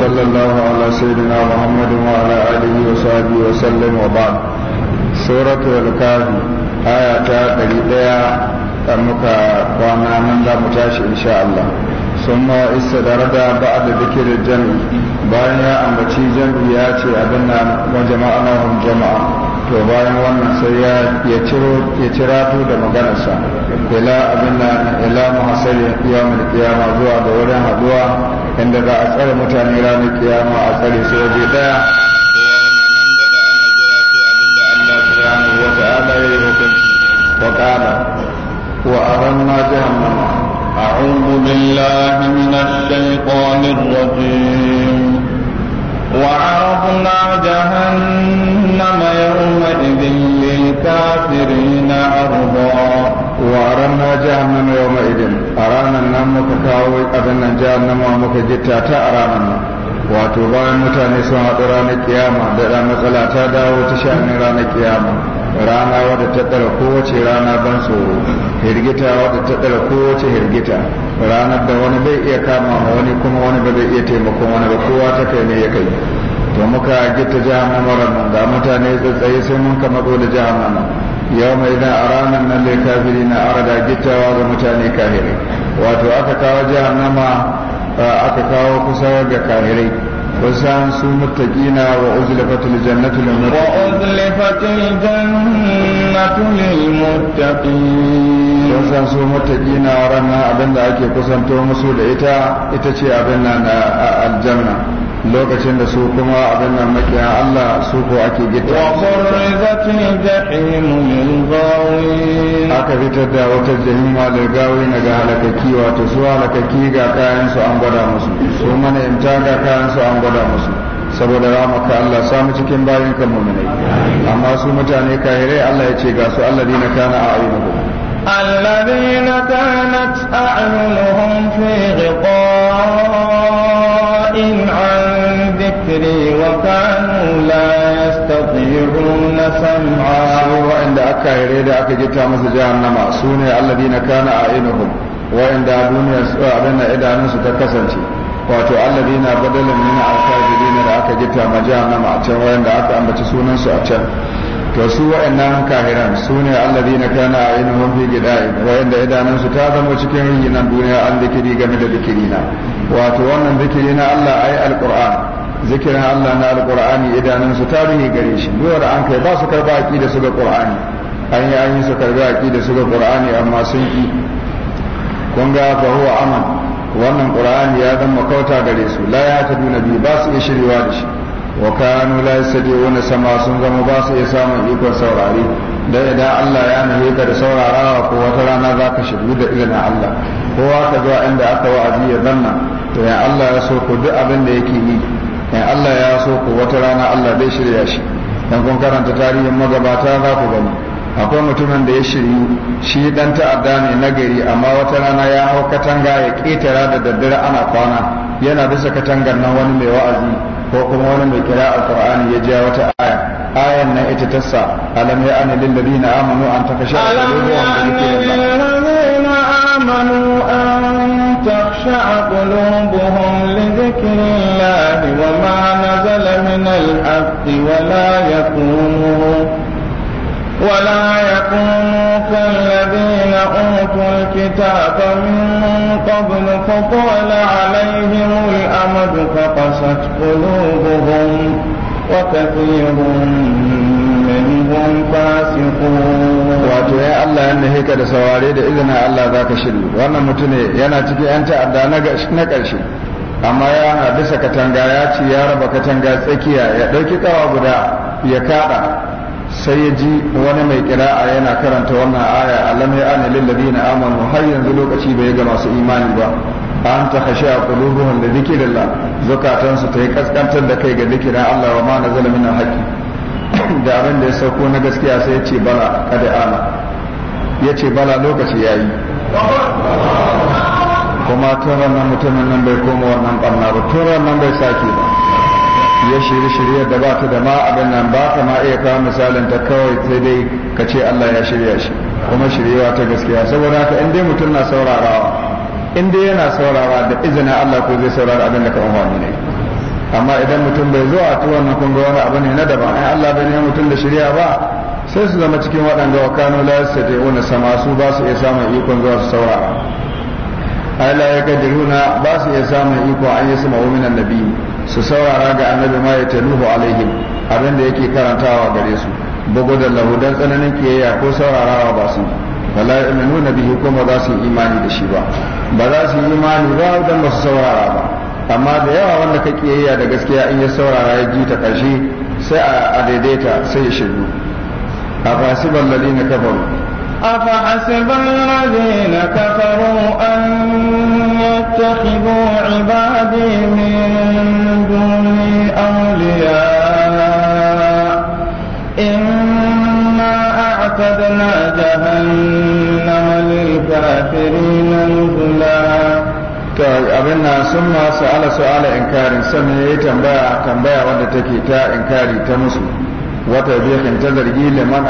صلى الله على سيدنا محمد وعلى آله وصحبه وسلم وبعد سورة الكافي آية تقريبا أمك وانا من za mu tashi insha Allah sun ma isa da rada ba da zikirin jami'i bayan ya ambaci jami'i to bayan wannan sai ya ciro ya cirato da maganarsa ila abin na ila muhasari yawon kiyama zuwa ga wurin haduwa inda za a tsare mutane ranar kiyama a tsare su waje daya وقال وأرنا جهنم أعوذ بالله من الشيطان الرجيم وعرضنا جهنم يومئذ للكافرين عرضا wa ranna jahannama yawma idin a ranar nan muka kawo abin nan jahannama muka gita ta a ranar nan wato bayan mutane sun haɗu ranar kiyama da ɗan matsala ta dawo ta sha'anin ranar kiyama rana wadda ta ɗara kowace rana ban tsoro hirgita wadda ta ɗara kowace hirgita ranar da wani bai iya kama wani kuma wani ba zai iya taimakon wani ba kowa ta kai ne ya kai to muka gita jahannamar nan da mutane tsaye sai mun kama dole da jahannama yau mai da a ranar nan da kafiri na arada gittawa ga mutane kahirai wato aka kawo jahannama aka kawo kusa ga kahirai وسان المتقين وأزلفت الجنة للمتقين وأزلفت الجنة للمتقين sun san su mutaƙina ranar abin da ake kusanto musu da ita ita ce abin nan na aljanna lokacin da su kuma abin nan makiya Allah su ko ake gita aka fitar da wata jahima da gawi na ga halakaki wato su halakaki ga kayan su an gwada musu su mana imta ga kayan su an gwada musu saboda ramaka Allah samu cikin bayan kan muminai amma su mutane kahirai Allah ya ce ga su Allah dina kana a ainihin الذين كانت أعينهم في غطاء عن ذكري وكانوا لا يستطيعون سمعا وعند أكا يريد أكا جتا مثل جهنم سوني الذين كان أعينهم وعند أبوني أبنى إدانوس تكسنتي wato alladina badalin min alkafirin da aka gita majahannama a can wayanda aka ambaci sunansu a can Wasu su wa'annan kahiran su ne allazi na kana a yin mafi gida wa'anda idanunsu ta zama cikin ruhi nan duniya an zikiri game da zikiri na wato wannan zikiri na allah ai alquran zikirin allah na alqur'ani idanunsu ta ruhi gare shi duwar an kai ba su karba da su ga qur'ani an yi an yi su karbi da su ga qur'ani amma sun ki kun ga fa huwa aman wannan qur'ani ya zama kauta gare su la ya taduna bi ba su iya shirwa da shi wa kanu la yastati'una sama sun zama ba su iya samun ikon saurari da idan Allah ya nuna ka da saurarawa ko wata rana za ka shigo da izinin Allah kowa ka zuwa inda aka wa'azi ya zanna to ya Allah ya so ku duk abin da yake yi ya Allah ya so ku wata rana Allah zai shirya shi dan kun karanta tarihin magabata za ku gani akwai mutumin da ya shiryu shi dan ta'adda ne na gari amma wata rana ya hau katanga ya ketara da daddare ana kwana yana bisa katangar nan wani mai wa'azi ko kuma wani mai kira alqur'ani ya ja wata aya ayan nan ita tassa alam ya an lil ladina amanu an takasha qulubuhum amanu an takhsha qulubuhum li dhikrillahi wa ma nazala min al-haqq wa la yakunu ولا يكونوا كالذين الكتاب من قبل فطال عليهم الأمد فقست قلوبهم وكثير منهم فاسقون wato ya Allah ya nahe ka da saurare da izinin Allah za ka shirya wannan mutum ne yana cikin 'yan ta'adda na ƙarshe amma ya na katanga ya ce ya raba katanga tsakiya ya ɗauki ƙawa guda ya kaɗa sai ya ji wani mai kira'a yana karanta wannan aya alam ya ana na amanu har yanzu lokaci bai ga masu imani ba an ta a qulubuhum da dhikrillah zakatan zukatansu ta yi kaskantar da kai ga zikirin Allah wa ma nazala min alhaqi da abin da ya sauko na gaskiya sai ya ce bala kada ana ya ce bala lokaci yi kuma turan nan mutumin nan bai koma wannan barna ba nan bai sake ba ya shiri shirya da ba ta da ma abin nan ba ka ma iya kawo misalin ta kawai sai dai ka ce Allah ya shirya shi kuma shiryewa ta gaskiya saboda haka in dai mutum na saurarawa in dai yana saurarawa da izinin Allah ko zai saurara abin da ka umarni ne amma idan mutum bai zo a tuwon na kun ga wani abu ne na daban ai Allah bai ne mutum da shirya ba sai su zama cikin waɗanda wa kanu la yastati'una sama su ba su iya samun ikon zuwa su saurara ai la yakadiruna ba su iya samun iko an yi sama wa minan nabiyyi su saurara ga annabi ma ya taluhu alaihim abin da yake karantawa gare su bugu da lahudan tsananin kiyayya ko saurarawa ba su wala yu'minuna bihi ba za su imani da shi ba ba za su imani ba dan ba saurara ba amma da yawa wanda ka kiyayya da gaskiya in ya saurara ya ji ta karshe sai a daidaita sai ya shigo a fasiban kafaru أفحسب الذين كفروا أن تتخذوا عبادي من دوني أولياء إنا أعتدنا جهنم للكافرين نزلا abin nan sun masu ala su'ala inkarin sannan ya yi tambaya tambaya wadda take ta inkari ta musu wata bihin ta zargi liman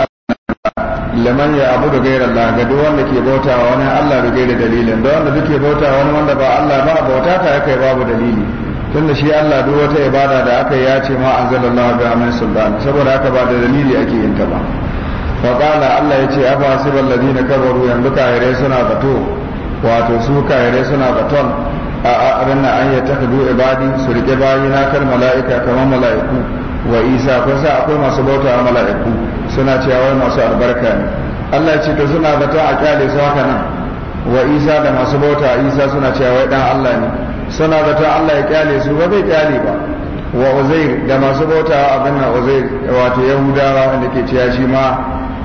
liman ya abu da gairar Allah ga wanda ke bauta wa wani Allah da gairar dalilin da wanda duke bauta wani wanda ba Allah ba bauta ta yake babu dalili tun da shi Allah duk wata ibada da aka ya ce ma Allah ga amin sultan saboda aka ba da dalili ake yin ta ba fa qala Allah yace afa sibal ladina kabaru yanzu kayare suna bato wato su kayare suna baton a abin nan an yattakhadu ibadi su rike bayina kal mala'ika kamar mala'iku wa isa kun sa akwai masu bauta mala'iku suna cewa masu albarka ne Allah ce ta suna zata a kyale su haka nan wa Isa da masu bauta Isa suna cewa dan Allah ne suna zata Allah ya kyale su ba zai kyale ba wa Uzair da masu bauta abin nan Uzair wato Yahudawa da ke cewa shi ma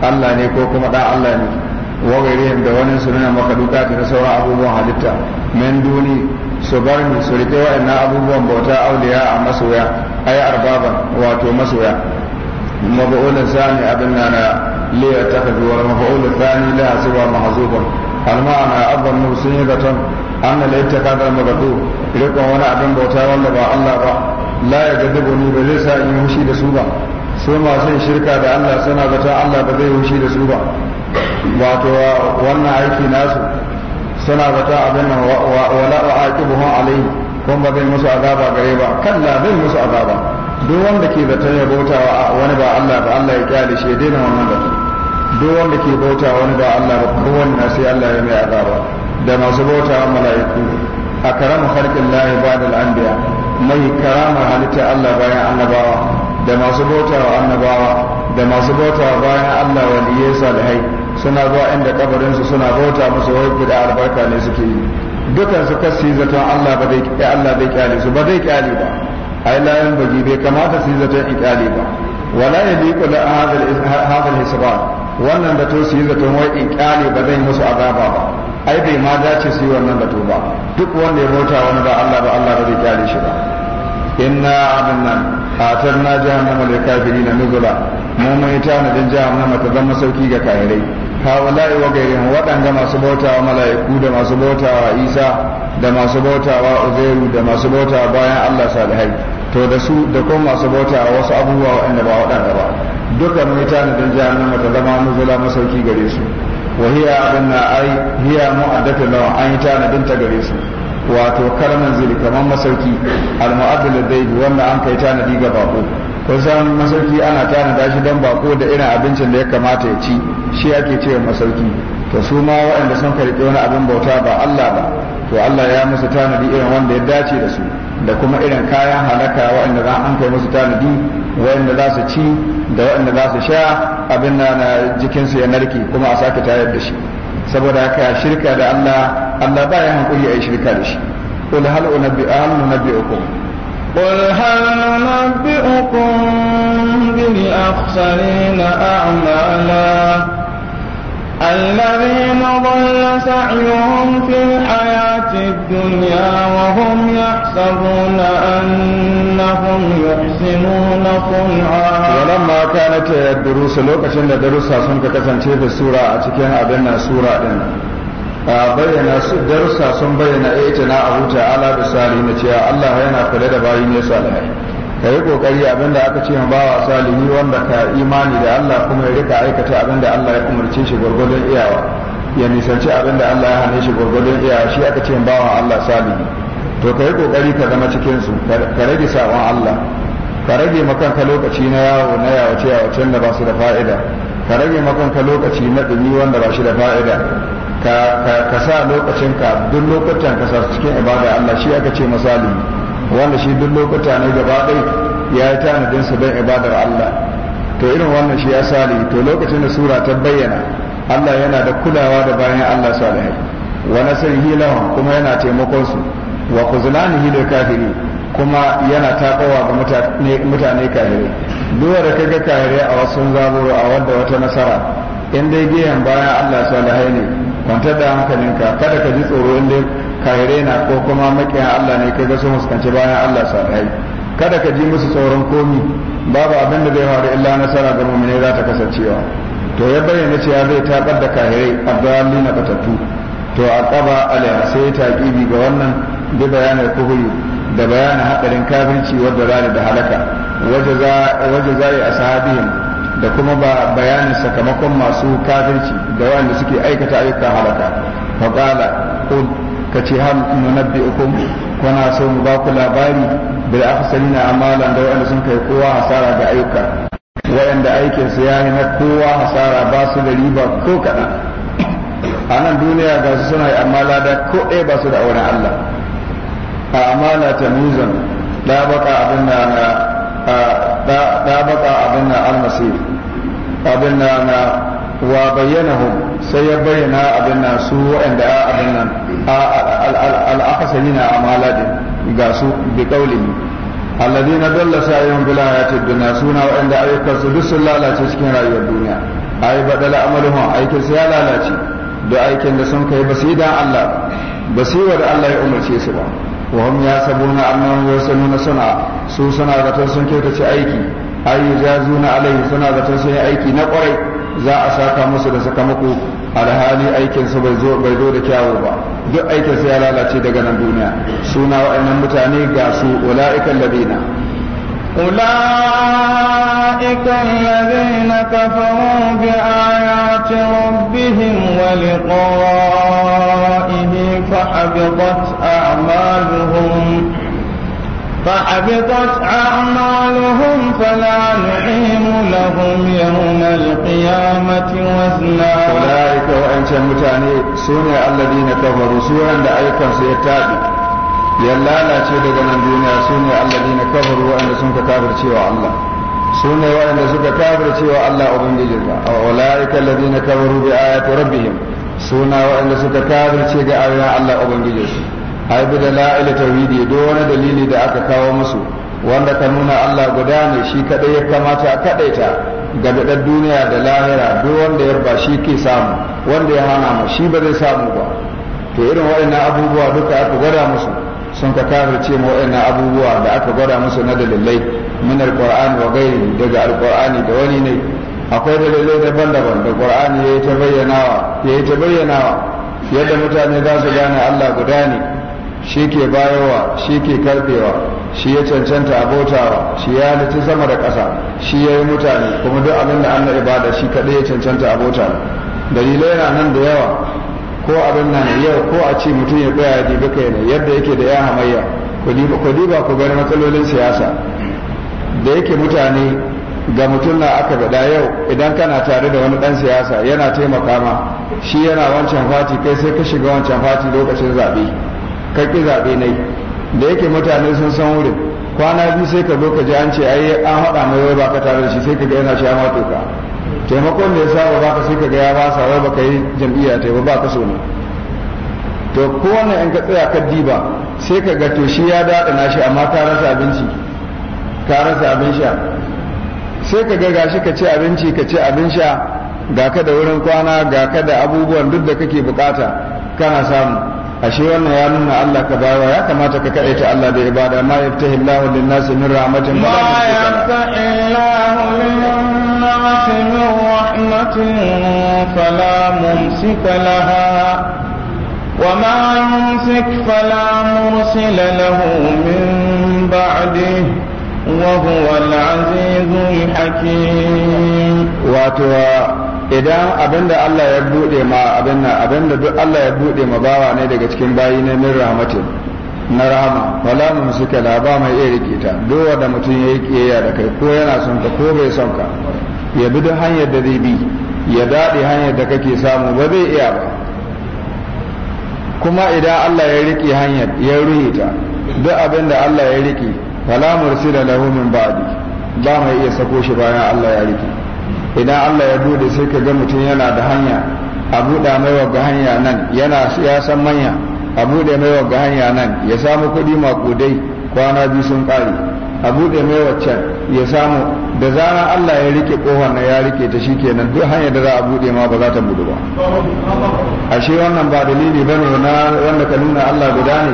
Allah ne ko kuma dan Allah ne wa gairihim da wani maka duka ta na sauran abubuwan halitta min duni su bar ni su rike wa'annan abubuwan bauta auliya a masoya ai arbaban wato masoya مفعول ثاني أبنا ليتخذ والمفعول الثاني لها سوى محذوفا المعنى الظن صيغة أن الاتخاذ المذكور رقم وانا أبن بوتا ولا با الله با لا يجذبني بليس إن هشي لسوبا سوما سن شركة دا الله سنة بتا الله بذي هشي لسوبا واتو وانا عيكي ناس سنة بتا أبن ولا أعاقبهم عليه كم بذي مسو عذابا قريبا كلا بذي مسو عذابا duk wanda ke zata ya bauta wani ba Allah ba Allah ya kyale shi ya daina wannan batu duk wanda ke bauta wani ba Allah ba wani na sai Allah ya mai azaba da masu bauta wa mala'iku a karama harkin lahi ba da al'ambiya mai karama halitta Allah bayan annabawa da masu bauta wa annabawa da masu bauta wa bayan Allah wa waliyai salihai suna zuwa inda kabarinsu suna bauta musu wai da albarka ne suke yi dukansu kasi zaton Allah ba zai Allah zai kyale su ba zai kyale ba ai la yanbaghi bai kamata su yi zaton ikyale ba wala yadiqu la da al-hisban wannan da to su yi zaton wai kyale ba zai musu azaba ba ai bai ma dace su yi wannan da to ba duk wanda ya bauta wani ba Allah ba Allah ba zai kyale shi ba inna abinna atarna jahannama lil kafirin nuzula mu mai tanadin jahannama ta zama sauki ga kafirai haula'i wa gairihim waɗanda masu bautawa mala'iku da masu bautawa isa da masu bautawa uzairu da masu bautawa bayan allah salihai to da su da kuma masu bautawa wasu abubuwa waɗanda ba waɗanda ba duka mai tanadin jahannama ta zama nuzula masauki gare su wa hiya abinna ai hiya mu'addatu lawan an yi tanadin ta gare su wato karnan zai kamar masauki almu'addal daibi wanda an kai tanadi ga bako kusan masauki ana tanada shi don bako da irin abincin da ya kamata ya ci shi ake cewa masauki to su ma waɗanda sun karɓi wani abin bauta ba Allah ba to Allah ya musu tanadi irin wanda ya dace da su da kuma irin kayan halaka waɗanda za an kai musu tanadi waɗanda za su ci da waɗanda za su sha abin na jikinsu ya narke kuma a sake tayar da shi saboda haka shirka da Allah Allah ba ya hankali a yi shirka da shi qul hal unabbi hal nunabbiukum qul hal nunabbiukum bil akhsarina a'mala الذين ضل سعيهم في الحياة الدنيا وهم يحسبون أنهم يحسنون صنعا ولما كانت الدروس لوكشن kasance سنك كسن في السورة أتكين أبنا sura إن bayyana su darussa sun bayyana eh, ita na abu ta'ala da na cewa Allah yana kula da bayi ne salihai ka yi kokari abinda aka ce ma bawa salihi wanda ka imani da Allah kuma ya rika aikata abinda Allah ya umarce shi gwargwadon iyawa ya nisanci abinda Allah ya hane shi gwargwadon iyawa shi aka ce bawa Allah salihi to ka yi kokari ka zama cikin su ka rage sabon Allah ka rage makanka lokaci na yawo na yawace yawacen da ba su da fa'ida ka rage makanka lokaci na dumi wanda ba shi da fa'ida ka sa lokacinka duk lokutan ka sa cikin ibada Allah shi aka ce misali wanda shi duk lokuta ne gaba ɗai ya yi tanadin su don ibadar Allah to irin wannan shi ya sali to lokacin da sura ta bayyana Allah yana da kulawa da bayan Allah salihai wa nasir lahum kuma yana taimakon su wa khuzlanihi lil kafiri kuma yana takawa ga mutane kafirai duwa da kaga kafiri a wasu zaburo a wanda wata nasara in dai biyan bayan Allah salihai ne kwantar da hankalinka kada ka ji tsoro inda kayare na ko kuma makiyan Allah ne kai ga sun fuskanci bayan Allah sa salihai kada ka ji musu tsoron komi babu abin da zai faru illa nasara ga mu'mini za ta kasancewa to ya bayyana cewa zai tabar da kahirai abdalli na batattu to a alaiha sai ta kibi ga wannan da bayanin kuhuri da bayanin hadarin kafirci wadda zai da halaka waje za a sahabihim da kuma ba bayanin sakamakon masu kafirci da wanda suke aikata ayyukan halaka fa qala qul kace hal nunabbiukum kuna so mu ba ku labari bil ahsanina amalan da wanda sun kai kowa hasara ga ayyuka wayanda aikin su yayi na kowa hasara ba su da riba ko kada a nan duniya ga su suna yi amala da ko ɗaya ba su da auren Allah a amala ta nuzan da baka abin da na baka abin na almasir abin na na wa bayyana hu sai ya bayyana abin na su waɗanda a abin nan al'akasari na amala din ga su bi ne. alladhi na dalla sa'ayin bil hayati dunya suna waɗanda ayyukan su duk sun lalace cikin rayuwar duniya ai badala amaluhum aikin su ya lalace da aikin da sun kai ba su yi Allah ba yi wa da Allah ya umarce su ba وهم يحسبون أنهم يحسنون صنعا su suna zaton sun kyautace aiki ayu jazuna alaihi suna zaton sun aiki na kwarai za a saka musu da sakamako alhali aikin su bai zo da kyawu ba duk aikin ya lalace daga nan duniya suna wa'annan mutane ga su ulaiikal ladina أولئك الذين كفروا بآيات ربهم ولقائه فحبطت أصحابهم فحبطت أعمالهم فلا نعيم لهم يوم القيامة وزنا أولئك الذين كفروا سورا سيتابع ya lalace daga nan duniya su ne allazi waɗanda suka kafirce wa Allah ubangiji suna waɗanda suka ga ayoyin Allah ubangiji ai bi da la'ila tauhidi do wani dalili da aka kawo musu wanda ka nuna Allah guda ne shi kadai ya kamata a kadaita ga daɗar duniya da lahira duk wanda ya ba shi ke samu wanda ya hana ma shi ba zai samu ba to irin waɗannan abubuwa duka aka gwada musu sun ka ce ma waɗannan abubuwa da aka gwada musu na dalilai min alqur'ani wa ghairi daga alqur'ani da wani ne akwai dalilai daban-daban da qur'ani ya ta bayyanawa ta bayyanawa yadda mutane za su gane Allah guda ne shi ke bayowa shi ke karbewa shi ya cancanta abotawa shi ya halitta sama da ƙasa shi ya yi mutane kuma duk abin da Allah ibada shi kaɗai ya cancanta a dalilai na nan da yawa ko abin nan yau ko a ce mutum ya tsaya ya dibi kai ne yadda yake da ya hamayya ku diba ku gani matsalolin siyasa da yake mutane ga mutum na aka gada yau idan kana tare da wani dan siyasa yana taimaka ma shi yana wancan fati kai sai ka shiga wancan fati lokacin zaɓe ka zaɓe na yi da yake mutane sun san wurin kwana biyu sai ka zo ka ji an ce ai an haɗa mai wai ka tare da shi sai ka ga yana shi ya mato ka taimakon da ya saba ka sai ka ga ya ba sa wai baka yi jam'iyya ta ba ka so ne to kowane in ka tsaya ka diba sai ka ga to shi ya daɗa na shi amma ka rasa abinci ka rasa abin sha sai ka ga gashi ka ci abinci ka ci abin sha ga ka da wurin kwana ga ka da abubuwan duk da kake bukata kana samu ashe wannan ya nuna Allah ka bawa ya kamata ka kaita Allah da ibada ma yaftahi Allahu lin-nas min rahmatin ma yaftahi Allahu lin-nas min rahmatin fala mumsika laha وما يمسك فلا مرسل له من بعده وهو العزيز الحكيم wato. idan abinda Allah ya bude ma abin abinda duk Allah ya bude ma bawa ne daga cikin bayi ne min rahmatin na rahama wala mun suka la ba mai iya rike ta duk wanda mutum ya kiyaya da kai ko yana son ka ko bai son ka ya bi duk hanyar da zai bi ya dade hanyar da kake samu ba zai iya ba kuma idan Allah ya rike hanyar ya ruhe ta duk abin da Allah ya rike wala mursila lahu min ba'di ba mai iya sako shi bayan Allah ya rike idan Allah ya bude sai ka ga mutum yana da hanya a buɗa mai wagga hanya nan yana ya san manya a buɗe mai wagga hanya nan ya samu kuɗi makudai kwana biyu sun ƙare a buɗe mai waccan ya samu da zarar Allah ya rike ƙofar na ya rike ta shikenan duk hanyar da za a buɗe ma ba za ta buɗu ba ashe wannan ba dalili bane na wanda ka nuna Allah guda ne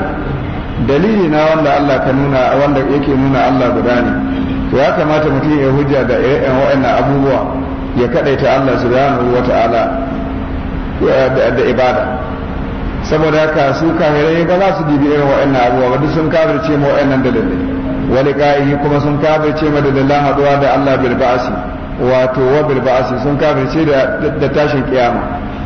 dalili na wanda Allah ka nuna wanda yake nuna Allah guda ne ya kamata mutum ya hujja da irin waɗannan abubuwa ya ta Allah subhanahu wa ta'ala da ibada saboda haka su kafirai ba za su dibi irin waɗannan abubuwa ba duk sun kafirce ma waɗannan dalilai wani ka'ihi kuma sun kafirce ma dalilan haɗuwa da Allah bil ba'asi wato wa bil ba'asi sun kafirce da tashin kiyama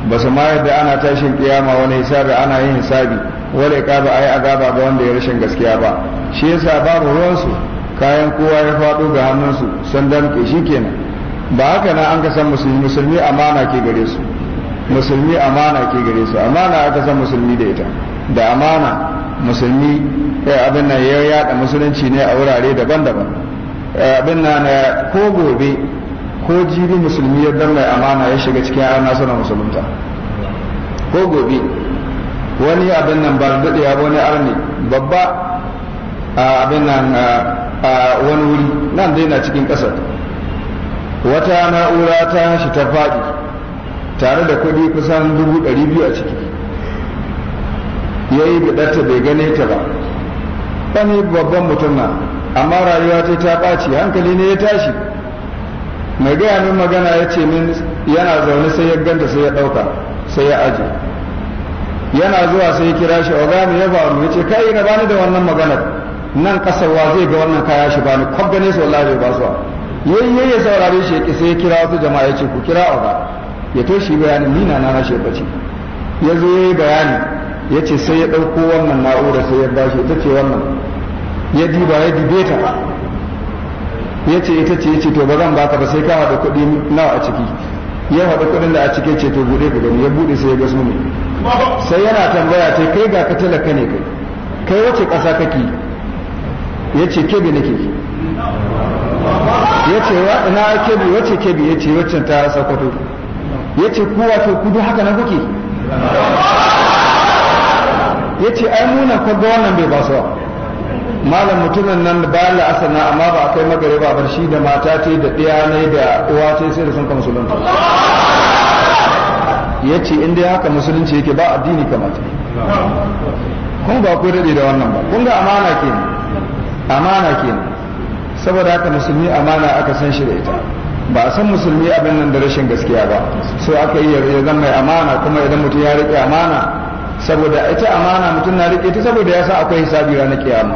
ba su ma yadda ana tashin kiyama wani hisabi ana yin hisabi wani ƙaba a yi azaba ga wanda ya rashin gaskiya ba shi yasa babu ruwansu kayan kowa ya faɗo ga hannunsu sun ke shi kenan ba haka na an ka san musulmi musulmi amana ke gare su musulmi amana ke gare su amana aka san musulmi da ita da amana musulmi ya eh, abin nan ya yada musulunci ne a wurare daban-daban eh, abin nan eh, ko gobe ko jibi musulmi ya dan mai amana ya shiga cikin ana sana musulunta ko gobe wani abin nan ba daɗewa wani arni babba abin nan wani wuri nan dai na cikin ƙasar wata na'ura ta shi ta faɗi tare da kuɗi kusan dubu ɗari biyu a ciki ya yi gaɗarta bai gane ta ba ɗani babban mutum na amma rayuwa ta ta ɓaci hankali ne ya tashi mai gaya min magana ya ce min yana zaune sai ya ganta sai ya ɗauka sai ya aje yana zuwa sai ya kira shi gami ya faru ya ce kai na bani da wannan maganar nan kasar wa zai ga wannan kaya shi bani kwab gane su wallahi bai ba su yi ya saurare shi yake sai ya kira wasu jama'a ya ce ku kira ba ya to shi bayanin ni na na shi bace ya zo ya yi bayani ya ce sai ya ɗauko wannan na'ura sai ya bashi ita ce wannan ya diba ya dibe ta ya ce ita ce ya ce to ba zan baka ba sai ka haɗa kuɗi nawa a ciki ya haɗa kuɗin da a ciki ce to buɗe ku gani ya buɗe sai ya ga su ne sai yana tambaya ce kai ga ka talaka ne kai kai wace ƙasa kake ya ce kebi nake ya ce ina kebi wace kebi ya ce wacce ta sakwato ya ce ku ke kudu haka na kuke ya ce ai muna kwaga wannan bai basuwa malam mutumin nan bayan la asana amma ba a kai ba bar shi da mata ce da ɗaya ne da uwa ce sai da sun ka musulunta ya ce in dai haka musulunci yake ba addini kamata kun ba ku daɗe da wannan ba kun ga amana kenan amana kenan saboda haka musulmi amana aka san shi da ita ba a san musulmi abin nan da rashin gaskiya ba so aka yi ya mai amana kuma idan mutum ya riƙe amana saboda ita amana mutum na riƙe ta saboda ya sa akwai hisabi ranar kiyama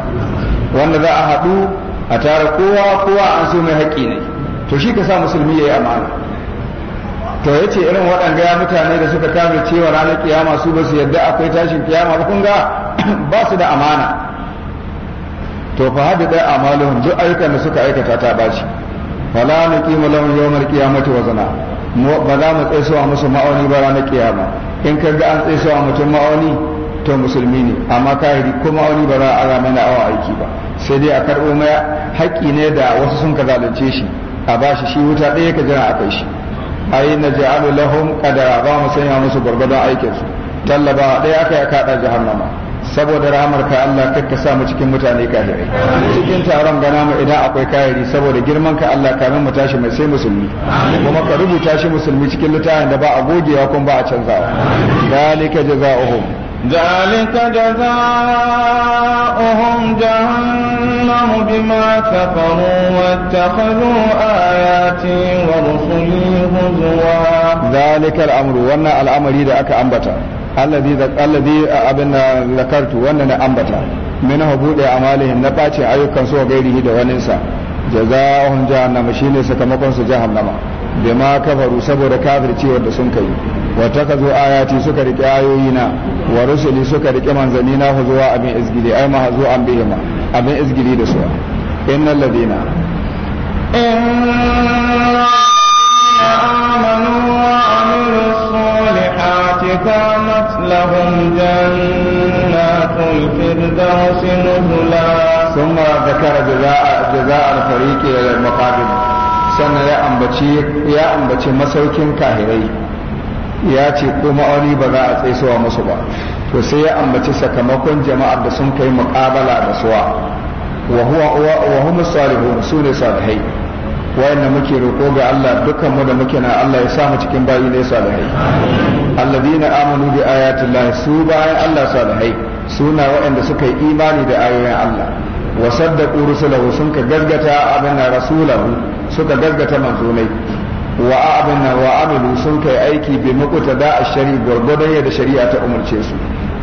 wanda za a haɗu a tara kowa kowa an so mai haƙƙi ne to shi ka sa musulmi ya yi amana to ya ce irin waɗanda ya mutane da suka kame cewa ranar kiyama su ba su yarda akwai tashin kiyama ba kun ba su da amana to fa hadu da amaluhum duk ayyukan da suka aikata ta baci fala nuqimu lahum yawmal qiyamati wazana ba za mu tsaisuwa musu ma'auni ba ranar kiyama in ka ga an a mutum ma'auni to musulmi ne amma yi ko ma'auni ba za a ara mana awa aiki ba sai dai a karɓo mai haƙƙi ne da wasu sun ka zalunce shi a bashi shi wuta ɗaya ka jira a kai shi yi na ja'alu lahum qadara ba mu sanya musu gwargwadon aikin su tallaba ɗaya aka ya kada jahannama saboda ka Allah ka sa mu cikin mutane kafirai cikin taron gana mu idan akwai kayari saboda girman ka Allah kamin mu tashi mai sai musulmi kuma ka rubuta shi musulmi cikin littafin da ba a gogewa kuma ba a canzawa dalika jazaohum ذلك جزاؤهم جهنم بما كفروا واتخذوا آيات zalika al'amru wannan al'amari da aka ambata allazi allazi abin lakartu wannan na ambata min a malamin na bacin ayyukan su gairihi da waninsa jaza'uhum jahannama shine sakamakon su jahannama bima kafaru saboda kafircewar da sun kai wa takazu ayati suka rike ayoyina wa rusuli suka rike manzanina huzuwa abin izgili ai ma huzuwa bihima abin izgili da su innal ladina وكانت لهم جنات الفردوس نزلا ثم ذكر جزاء جزاء الفريق المقابل سنة يا أمبتشي يا أمبتشي مسوكين كاهري ya ce ko ma'auni ba za a tsaisowa musu ba to sai ya ambaci sakamakon jama'ar da sun kai muƙabala da suwa wa huwa wa hum salihun sune salihai wayanda muke roƙo ga Allah dukkan mu da muke na Allah ya sa mu cikin bayi ne salihai alladina amanu bi ayati llahi su bayan Allah salihai suna wayanda suka yi imani da ayoyin Allah wa saddaqu rusulahu sun ka gaggata abinna rasulahu suka gaggata manzonai wa abinna wa amilu sun kai aiki bi muqtada ash-shari ya da shari'a ta umarce su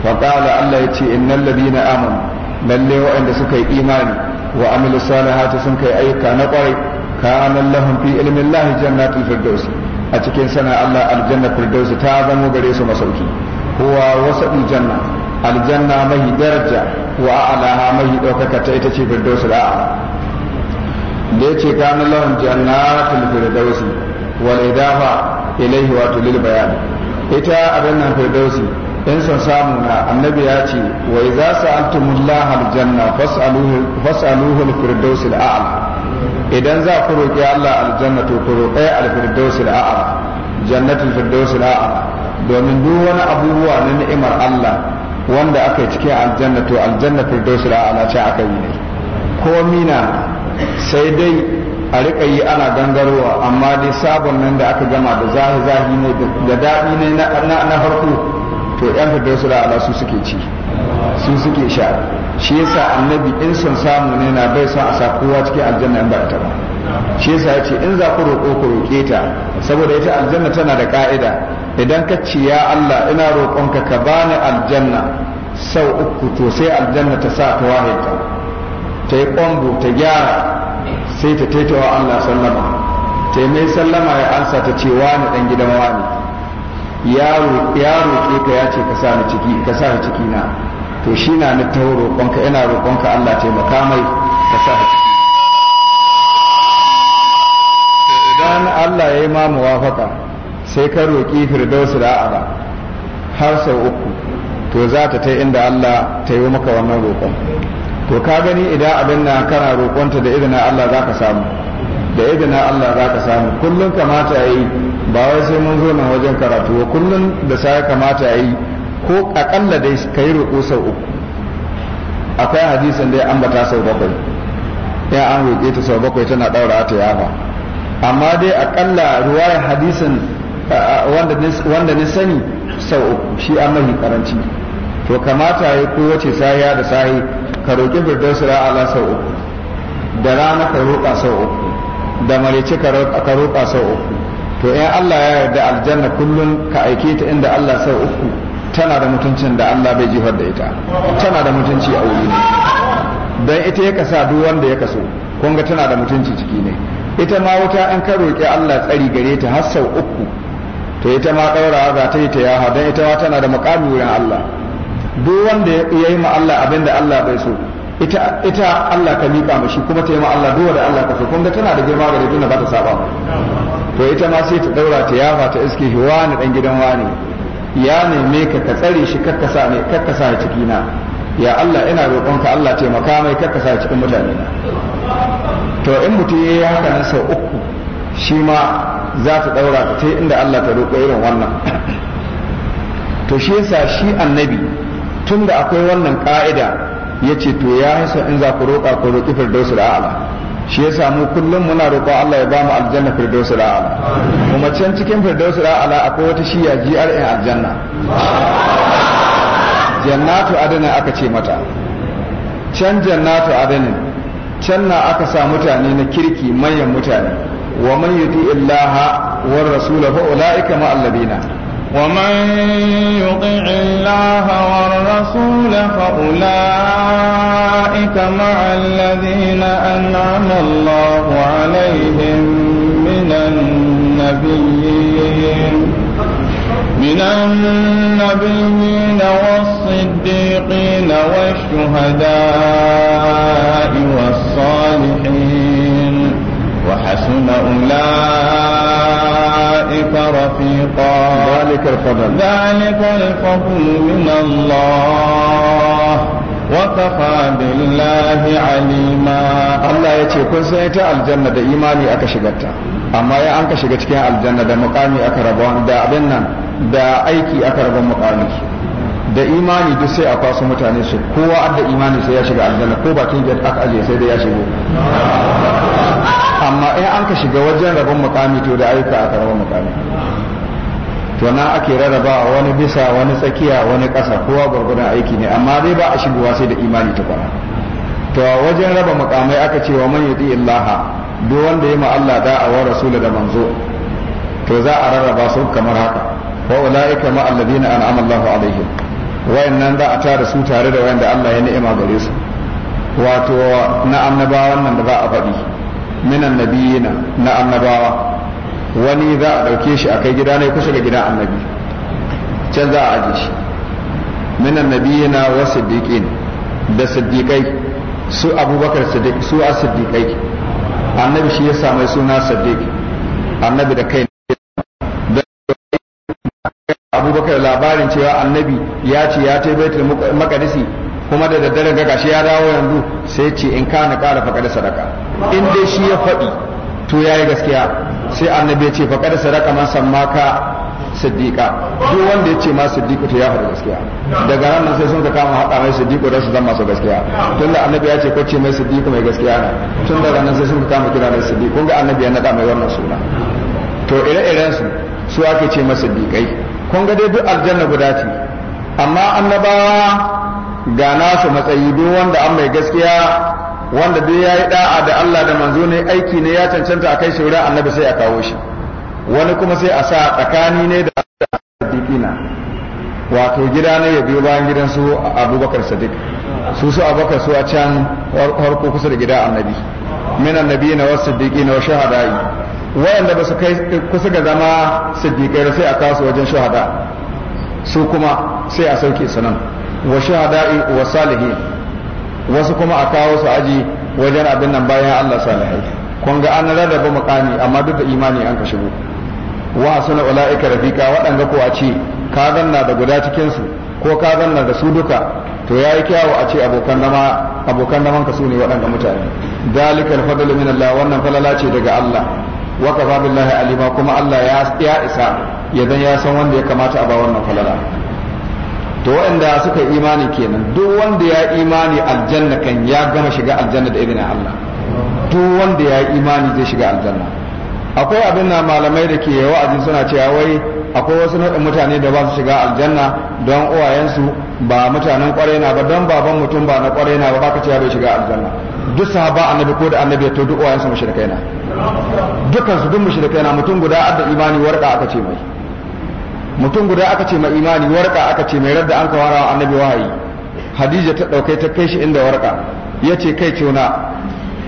fa qala Allah yace innal ladina amanu lalle wayanda suka yi imani wa amilu salihati sun kai ayyuka na kwarai kana lahum fi ilmin lahi jannatul firdausi a cikin sana Allah aljanna firdausi ta zama gare su masauki huwa wasadul janna aljanna mai daraja wa a'laha mai daukaka ta ita ce firdaus da da yace kana lahum jannatul firdaus wal idafa ilayhi wa tulil bayan ita abin nan firdausi in san samu na annabi ya ce wa idza sa'altumullah aljanna fas'aluhu fas'aluhu alfirdaus al'a idan za ku roki Allah aljanna to ku a alfirdaus al'a jannatul firdaus al'a domin duk wani abubuwa na ni'imar Allah wanda aka yi cikin aljanna to aljanna firdaus al'a ce aka yi ne komi na sai dai a riƙa yi ana gangarowa amma dai sabon nan da aka gama da zahi zahi ne da daɗi ne na farko to yan firdausu da ala su suke ci su suke sha shi yasa annabi in son samu ne na bai son a sa kowa cikin aljanna in ba ta ba shi yasa ya ce in za ku roƙo ku roƙe ta saboda ita aljanna tana da ka'ida idan ka ce ya Allah ina roƙonka ka bani aljanna sau uku to sai aljanna ta sa ta wahe ta yi ƙwambo ta gyara sai ta taitawa Allah sallama ta yi mai sallama ya ansa ta ce wani ɗan gidan wani ya roƙe ka ya ce ka sa ni ciki ka sa ni ciki na to shi na ni taho roƙonka ina roƙonka Allah taimaka mai ka sa ni ciki idan Allah ya yi ma muwafaka sai ka roƙi firdaus da har sau uku to za ta ta inda Allah ta yi maka wannan roƙon to ka gani idan abin nan kana roƙonta da idan Allah za ka samu da yadda na Allah za ka samu kullum kamata ya yi ba wai sai mun zo nan wajen karatu wa kullum da sa kamata ya yi ko akalla dai ka yi roƙo sau uku akwai hadisin da ya ambata sau bakwai ya an roƙe ta sau bakwai tana ɗaura ta yafa amma dai akalla ruwayar hadisin wanda ni sani sau uku shi an mahi karanci to kamata ya kowace sahiya da sahi ka roƙi firdausu ra'ala sau uku da rana ka roƙa sau uku da marece ka roƙa sau uku to in Allah ya yarda aljanna kullum ka aike ta inda Allah sau uku tana da mutuncin da Allah bai jihar da ita tana da mutunci a wuri ne don ita ya kasa duk wanda ya kaso kun tana da mutunci ciki ne ita ma wuta in ka roƙi Allah tsari gare ta har sau uku to ita ma ɗaurawa za ta yi ta yaha don ita ma tana da muƙami wurin Allah duk wanda ya yi ma Allah abin da Allah bai so ita ita Allah ka miƙa mashi kuma ta yi ma Allah duwa da Allah ka so kun ga tana da girma ga tunda ba ta saba ba to ita ma sai ta daura ta yafa ta iske shi wani dan gidan wani ya neme ka ka tsare shi sa ne kakkasa ciki na ya Allah ina ka Allah taimaka mai kakkasa cikin mutane na to in mutum ya yi haka nan sau uku shi ma za ta daura ta ta inda Allah ta roƙo irin wannan to shi yasa shi annabi tun da akwai wannan ka'ida. ya ce to ya hasa in za ku roƙa ku roƙi da a'la shi ya samu kullum muna roƙo Allah ya ba mu aljanna da a'la kuma can cikin da a'la akwai wata shiya GRA aljanna jannatu adana aka ce mata can jannatu adana can na aka sa mutane na kirki manyan mutane wa man yuti illaha war rasulahu ulaika ma ومن يطع الله والرسول فأولئك مع الذين أنعم الله عليهم من النبيين من النبيين والصديقين والشهداء والصالحين وحسن أولئك رفيقاً ذلك الفضل ذلك الفضل من الله وكفى بالله عليما الله يتي كن سنة الجنة دا إيماني أكا شغتا أما يا أنك شغت كان الجنة دا مقامي أكا ربوان دا أبنن دا أيكي أكا ربوان مقامي da imani duk sai a kwaso mutane su kowa adda imani sai ya shiga aljanna ko bakin gate aka aje sai dai ya shigo amma in an ka shiga wajen rabon mukami to da ayyuka aka rabon mukami to na ake rarraba wani bisa wani tsakiya wani ƙasa kowa gwargwadon aiki ne amma dai ba a shigowa sai da imani kwana to wajen raba makamai aka ce wa man yuti illaha duk wanda ya ma Allah a wa rasula da manzo to za a rarraba su kamar haka wa ulaika ma alladhina an'ama Allahu alaihim wayannan za a tara su tare da wayanda Allah ya ni'ima gare su wato na annabawan nan da za a faɗi minan nabiyina na annabawa wani za a ɗauke shi a kai gida ne kusa ga gidan annabi can za a aje shi min annabiyina wa siddiqin da siddiqai su abubakar siddiq su a siddiqai annabi shi ya samu suna siddiq annabi da kai abubakar labarin cewa annabi ya ce ya ce baitul maqdisi kuma da daddare ga gashi ya dawo yanzu sai ce in kana kara faƙa da sadaka in dai shi ya faɗi to yayi gaskiya sai annabi ya ce fa kada sadaka man sammaka siddiqa duk wanda ya ce ma siddiqu to ya faɗi gaskiya daga ran nan sai sun ka kama haɗa mai siddiqu da su zama masu gaskiya tun da annabi ya ce ko ce mai siddiqu mai gaskiya na tun daga nan sai sun ka kama kira mai siddiqu kun ga annabi ya nada mai wannan suna to ire-iren su su ake ce masa siddiqai kun ga dai duk aljanna guda ce amma annabawa ga nasu matsayi duk wanda an mai gaskiya wanda duk ya yi da'a da Allah da manzo ne aiki ne ya cancanta a kai shi wurin annabi sai a kawo shi wani kuma sai a sa tsakani ne da siddiqina wato gida ne ya biyo bayan gidan su abubakar sadiq su su abubakar su a can harko kusa da gida annabi min annabi na wasu siddiqina wa shahada'i wayanda ba su kai kusa ga zama sadiqai sai a kawo su wajen shahada su kuma sai a sauke su nan wa shahada'i wa salihin wasu kuma a kawo su aji wajen abin nan bayan Allah salihai kun ga an rarraba mukami amma duk da imani an ka shigo wa suna ula'ika rafiqa waɗanda ko a ce ka ganna da guda cikin su ko ka ganna da su duka to yayi kyawu a ce abokan zama abokan zaman ka su ne waɗanda mutane dalikal fadlu min Allah wannan falala ce daga Allah wa kafa billahi alima kuma Allah ya isa ya ya san wanda ya kamata a ba wannan falala to waɗanda suka yi imani kenan duk wanda ya imani aljanna kan ya gama shiga aljanna da izinin Allah duk wanda ya imani zai shiga aljanna akwai abin na malamai da ke wa'azi suna cewa wai akwai wasu nau'in mutane da ba su shiga aljanna don uwayensu ba mutanen kwarai na ba don baban mutum ba na kwarai na ba baka cewa bai shiga aljanna duk sahaba annabi ko da annabi to duk uwayensu mushrikai na dukkan su duk mushrikai na mutum guda adda imani warka aka ce mai mutum guda aka ce mai imani warka aka ce mai radda an kawara wa annabi wahayi hadija ta ɗaukai ta kai shi inda warka ya ce kai cona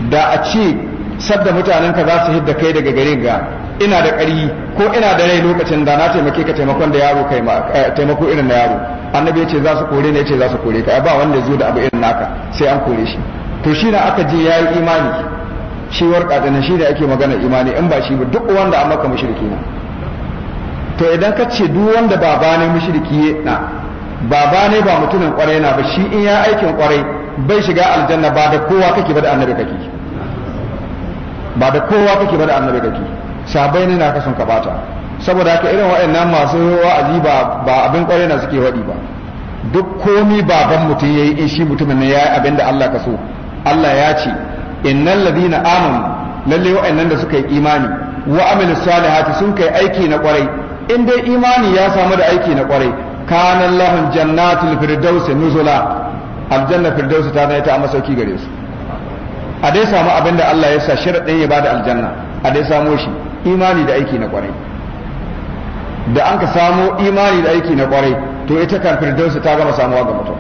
da a ce sadda mutanen ka za su hidda kai daga gare ga ina da ƙari ko ina da rai lokacin da na taimake ka taimakon da yaro kai eh, taimako irin na yaro annabi ya ce za su kore ne ya ce za su kore ka ba wanda zo da abu irin naka sai an kore shi to shi na aka je yayi imani shi warka da shi da ake magana imani in ba shi ba duk wanda an maka mushriki ne to idan ka ce duk wanda baba ne mushriki na baba ne ba mutumin kwarai na ba shi in ya aikin kwarai bai shiga aljanna ba da kowa kake ba da annabi kake ba da kowa kake ba da annabi kake sabai ne na ka bata. kabata saboda haka irin waɗannan masu ruwa aziba ba abin kwarai na suke waɗi ba duk komi baban mutum yayi in shi mutumin ne yayi abin da Allah ka so Allah ya ce innal ladina amanu lalle waɗannan da suka yi imani wa amilu salihati sun kai aiki na kwarai in dai imani ya samu da aiki na kwarai kana lahum jannatul firdausi nuzula aljanna firdausi ta zai ta masauki gare su a dai samu abin da Allah ya sa sharadin ya bada aljanna a dai samo shi imani da aiki na kwarai da an ka samo imani da aiki na kwarai to ita kan firdausi ta gama samuwa ga mutum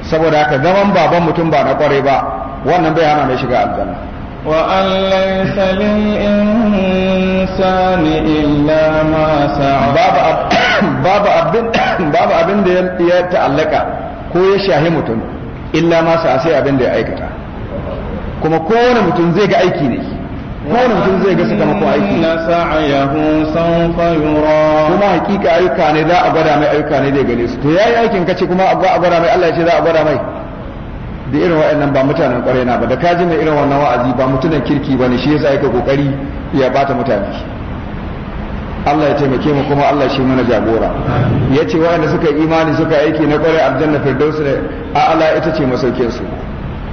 saboda haka zaman baban mutum ba na kwarai ba wannan bai hana mai shiga aljanna وأن ليس للإنسان إلا ما سعى باب أبن باب da ya ta'allaka ko ya shahi mutum illa ma sa sai abin da ya aikata kuma kowane mutum zai ga aiki ne kowane mutum zai ga sakamakon aiki na sa'ayahu sawfa yura kuma hakika ayyuka ne za a gwada mai ayyuka ne da gare su to yayi aikin kace kuma a gwada mai Allah ce za a gwada mai da irin wa'annan ba mutanen ƙwarai na ba da kaji mai irin wannan wa'azi ba mutunan kirki ba ne shi yasa yake kokari ya bata mutane Allah ya taimake mu kuma Allah shi mana jagora ya ce waɗanda suka yi imani suka aiki na ƙwarai aljanna firdaus ne a Allah ita ce masaukin su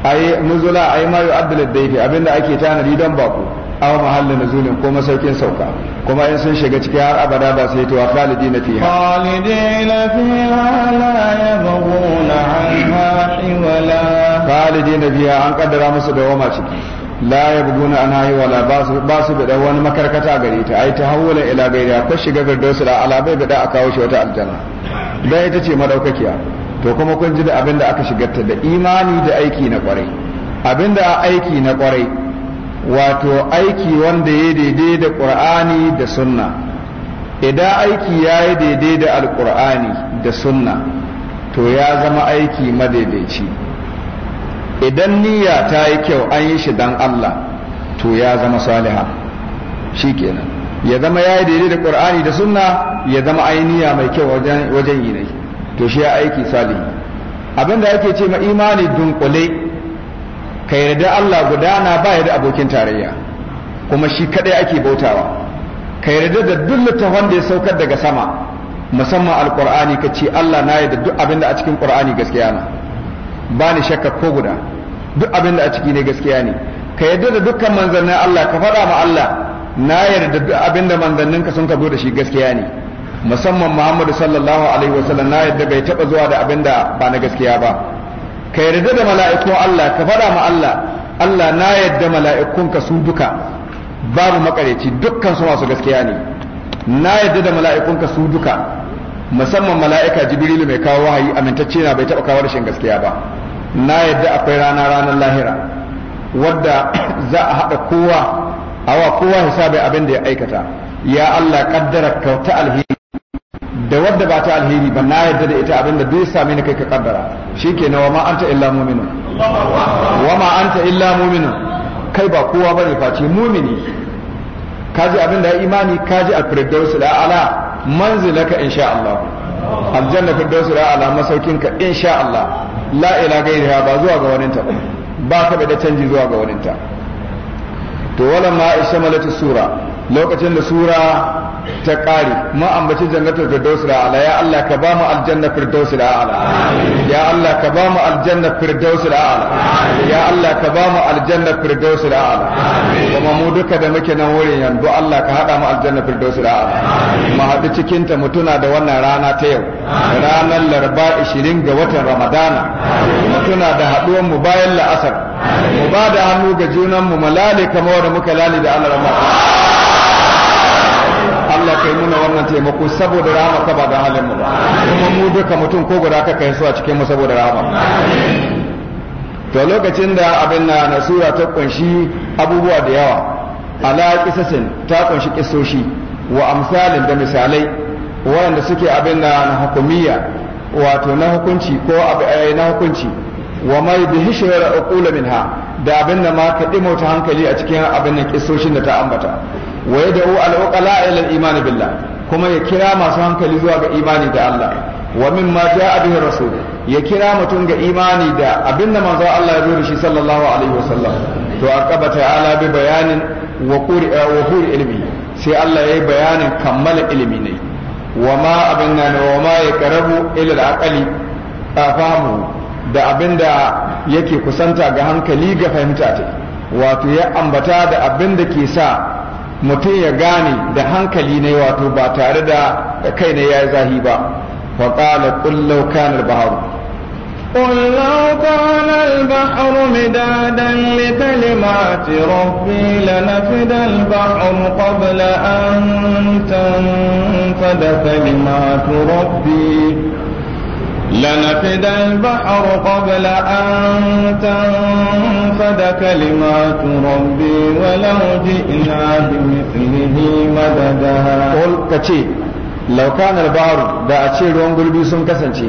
ayi nuzula ayi ma yu'addal dayfi abinda ake tanadi don bako aw mahallin nuzulin ko masaukin sauka kuma in sun shiga ciki har abada ba sai tuwa khalidina fiha khalidina fiha la yabghuna anha hiwala khalidina fiha an kaddara musu wama ciki la yabghuna anha hiwala ba su ba su da wani makarkata gare ta ai tahawula ila gaira ko shiga gardosu da alabai da a kawo shi wata aljanna dai ita ce madaukakiya to kuma kun ji da abinda aka shigarta da imani da aiki na kwarai abinda aiki na kwarai wato aiki wanda ya daidai da ƙur'ani da sunna idan aiki ya yi daidai da alƙur'ani da sunna to ya zama aiki madaidaici idan niyya ta yi kyau an yi shi don Allah to ya zama saliha shi kenan ya zama ya yi daidai da ƙur'ani da sunna ya zama ainiya mai kyau wajen yi ne to shi ya aiki salihi abinda ake ce ma imani dunkule ka yarda Allah guda na ba ya da abokin tarayya kuma shi kadai ake bautawa ka yarda da duk littafin da ya saukar daga sama musamman alqur'ani ka ce Allah na yarda duk abin da a cikin qur'ani gaskiya na ba ni shakka ko guda duk abin da a ciki ne gaskiya ne ka yarda da dukkan manzannin Allah ka faɗa ma Allah na yarda duk abin da manzannin ka sun ka zo da shi gaskiya ne musamman Muhammadu sallallahu alaihi wasallam na yarda bai taba zuwa da abin da ba na gaskiya ba ka yarda da mala'ikun Allah ka faɗa ma Allah Allah na yarda mala'ikunka su duka babu makareci dukkan su masu gaskiya ne na yarda da mala'ikunka su duka musamman mala'ika jibrilu mai kawo wahayi amintacce na bai taɓa kawo rashin gaskiya ba na yarda akwai rana ranar lahira wadda za a haɗa kowa awa kowa hisabin abin da ya aikata ya Allah kaddara kauta alheri da wadda ba ta alheri ba na yadda da ita abinda bai same ni kai ka kaddara shikenan wa ma anta illa mu'minun wa ma anta illa mu'minun kai ba kowa bane face mu'mini kaji abin da imani kaji al da ala manzilaka insha Allah aljanna da ala masaukin ka insha Allah la ila gairiha ba zuwa ga wani ta ba ka da canji zuwa ga wani ta to wala ma ishamalatu sura lokacin da sura ta ƙare mu ambaci jannatul firdaus ala ya Allah ka ba mu aljanna firdaus ala ya Allah ka ba mu aljanna firdaus ala ya Allah ka ba mu aljanna firdaus ala kuma mu duka da muke nan wurin yanzu Allah ka hada mu aljanna firdaus ala mu haɗu cikin ta mutuna da wannan rana ta yau ranar larba 20 ga watan ramadana mutuna da haɗuwan mu bayan la'asar mu ba da hannu ga junan mu malale kamar wanda muka lali da Allah rahmatu yi nuna wannan taimako saboda rama ka ba da halin mu kuma mu duka mutum ko guda ka kai su a cikin mu saboda rahama to lokacin da abin na nasura ta kunshi abubuwa da yawa ala kisasin ta kunshi kisoshi wa amsalin da misalai waɗanda suke abin na hukumiyya wato na hukunci ko abu eh, na hukunci wa mai bihi hishiyar minha da abin da ma ka ta hankali a cikin abin nan kisoshin da ta ambata wa yad'u al-uqala ila al-iman billah kuma ya kira masu hankali zuwa ga imani da Allah wa mimma ja'a bihi rasul ya kira mutum ga imani da abinda manzo Allah ya zo shi sallallahu alaihi wasallam to ta ta'ala bi bayanin wa qur ilmi sai Allah ya yi bayanin kammala ilimi ne wa ma abin nan wa ma ya karabu ila al-aqali fahimu da abin da yake kusanta ga hankali ga fahimta ta wato ya ambata da abinda ke sa mutum ya gane da hankali ne wato ba tare da kai ne ya yi zahi ba fa qala qul law kana al bahr qul law kana al bahr midadan li kalimati rabbi lanafida al bahr qabla an tanfada kalimatu rabbi لنفد البحر قبل أن تنفد كلمات ربي ولو جئنا بمثله مددا قل ce لو كان البحر دا أتشي ruwan gulbi sun kasance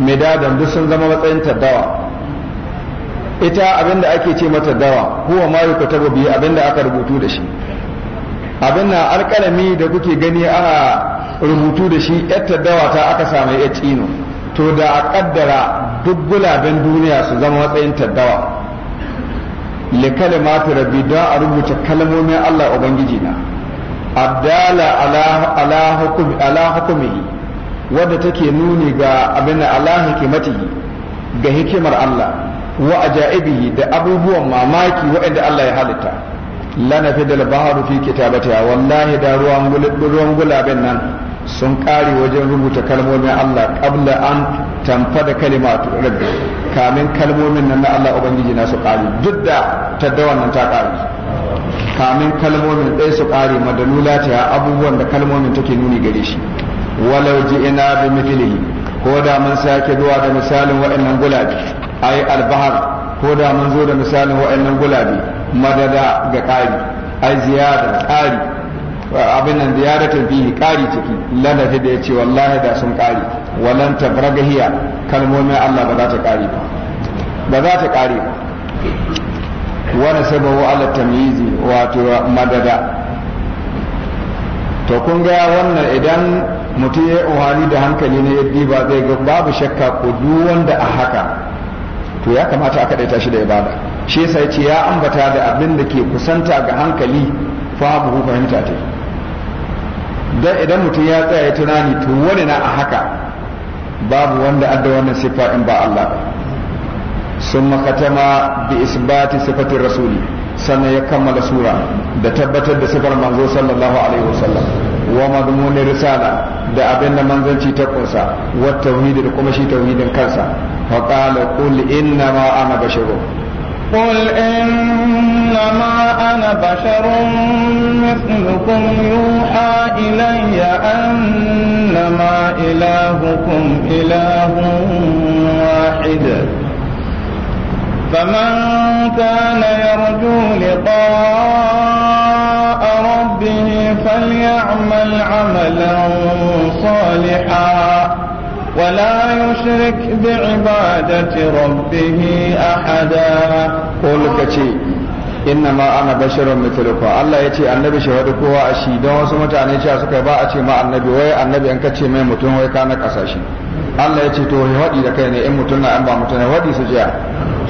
midadan duk sun zama matsayin taddawa ita abinda ake ce mata dawa huwa ma yukatabu bi abinda aka rubutu da shi abin na da kuke gani ana rubutu da shi yatta dawa ta aka sami ya to da a ƙaddara duk gulaben duniya su zama matsayin taddawa li kalimati rabbi da a rubuta kalmomin Allah ubangiji na abdala ala ala hukumi ala take nuni ga abin da ala ga hikimar Allah wa ajaibihi da abubuwan mamaki waɗanda Allah ya halitta lana fidal baharu fi kitabati wallahi da ruwan gulabin nan sun ƙare wajen rubuta kalmomin Allah ƙabla an tamfa da kalimatu rabbi kamin kalmomin nan na Allah ubangiji na su ƙari duk da taddawan nan ta ƙari kamin kalmomin ɗaya su ƙare madalula ta abubuwan da kalmomin take nuni gare shi walau ji ina bi mithlihi ko da mun sake zuwa da misalin waɗannan gulabi ai albahar ko da mun zo da misalin waɗannan gulabi madada ga ƙari ai ziyada ƙari abin nan ziyaratun bihi ƙari ciki lalafi da ya ce wallahi da sun ƙari walan tabraga kalmomin Allah ba za ta ƙari ba ba za ta ƙari ba wani sababu Allah tamyizi wato madada to kun ga wannan idan mutum ya uhani da hankali ne yadda ba zai ga babu shakka ko duk wanda a haka to ya kamata aka daita shi da ibada shi sai ya ce ya ambata da abin da ke kusanta ga hankali fa fahimta ta don idan mutum ya tsaya ya tunani to wani na a haka babu wanda adda wannan siffa in ba Allah sun makatama bi isbati sifatin rasuli sannan ya kammala sura da tabbatar da sifar manzo sallallahu alaihi wasallam wa madmunin risala da abin da manzanci ta kunsa wa tauhidi da kuma shi tauhidin kansa fa qala qul inna ma ana basharun قل إنما أنا بشر مثلكم يوحى إلي أنما إلهكم إله واحد فمن كان يرجو لقاء ربه فليعمل عملا صالحا ولا يشرك بعبادة ربه أحدا قل كتي إنما أنا بشر مثلكم الله يتي النبي شهدك وأشي دون وسمت أن يتي أسكى باعتي مع النبي وي النبي أنك تي مي متون وي كانك أساشي الله يتي توهي ودي لكيني إن متون أم با متون ودي سجيا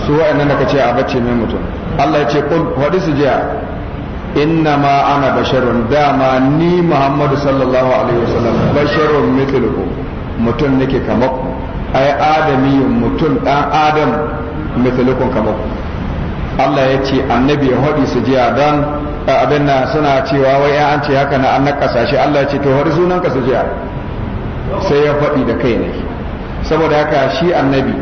سوى أنك تي أبتي مي متون الله يتي قل ودي سجيا إنما أنا بشر داما ني محمد صلى الله عليه وسلم بشر مثلكم mutum nake kamar ku ai adami mutum dan adam misalukun kamar ku Allah ya ce annabi ya haɗi su jiya dan abin nan suna cewa wai an ce haka na annaka kasashe Allah ya ce to har sunan ka su jiya sai ya faɗi da kai ne saboda haka shi annabi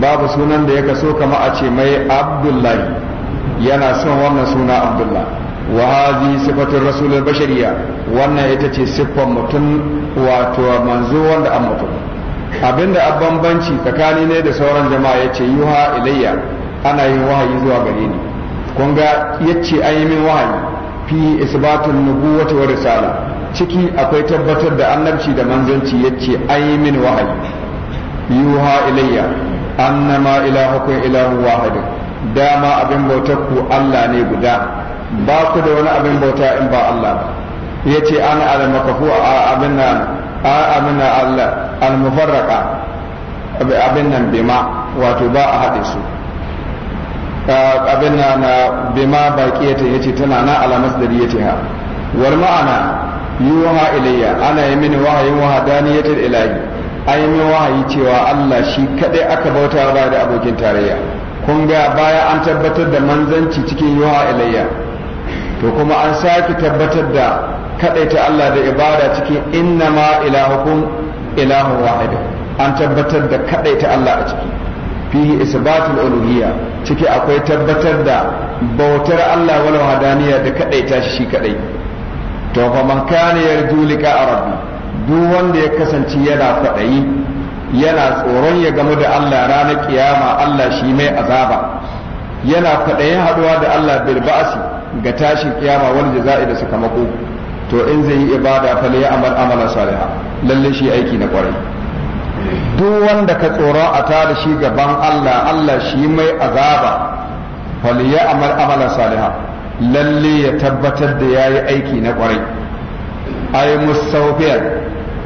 babu sunan da ya kaso kama a ce mai abdullahi yana son wannan suna abdullahi Wahazi hadhi sifatul rasulul bashariya wannan ita ce siffar mutum wato manzo wanda an mutum abinda a bambanci tsakani ne da sauran jama'a yace yuha ilayya ana yin wahayi zuwa gare ni kun ga yace an yi min wahayi fi isbatul wata wa risala ciki akwai tabbatar da annabci da manzanci yace an yi min wahayi yuha ilayya annama ilahukum ilahu wahid dama abin bautar ku Allah ne guda ba ku da wani abin bauta in ba Allah ba ya ce an almakafu a abin nan abin nan almufarraka abin nan bima wato ba a haɗe su abin nan bima baƙiyata ya ce tana na alamas da ya ce ha wal ma'ana yuha ilayya ana yi mini ya wahadaniyatul ilahi an yi min wahayi cewa Allah shi kaɗai aka bauta ba da abokin tarayya kun ga baya an tabbatar da manzanci cikin yi ilayya to kuma an sake tabbatar da kadaita Allah da ibada cikin ma ilahukum ilahun wahid an tabbatar da kadaita Allah a ciki fihi isbatul uluhiyya ciki akwai tabbatar da bautar Allah wal wahdaniyya da kadaita shi shi kadai to fa man kana yarju lika rabbi duk wanda ya kasance yana fadayi yana tsoron ya gamu da Allah ranar kiyama Allah shi mai azaba yana fadayin haduwa da Allah bil ba'si ga tashin kiyama wani jaza'i da suka mako to in zai yi ibada fa ya amal amala salihah lalle shi aiki na kwarai duk wanda ka tsoron a ta da shi gaban Allah Allah shi mai azaba fa ya amal amala salihah lalle ya tabbatar da yayi aiki na kwarai ay mustawfiyan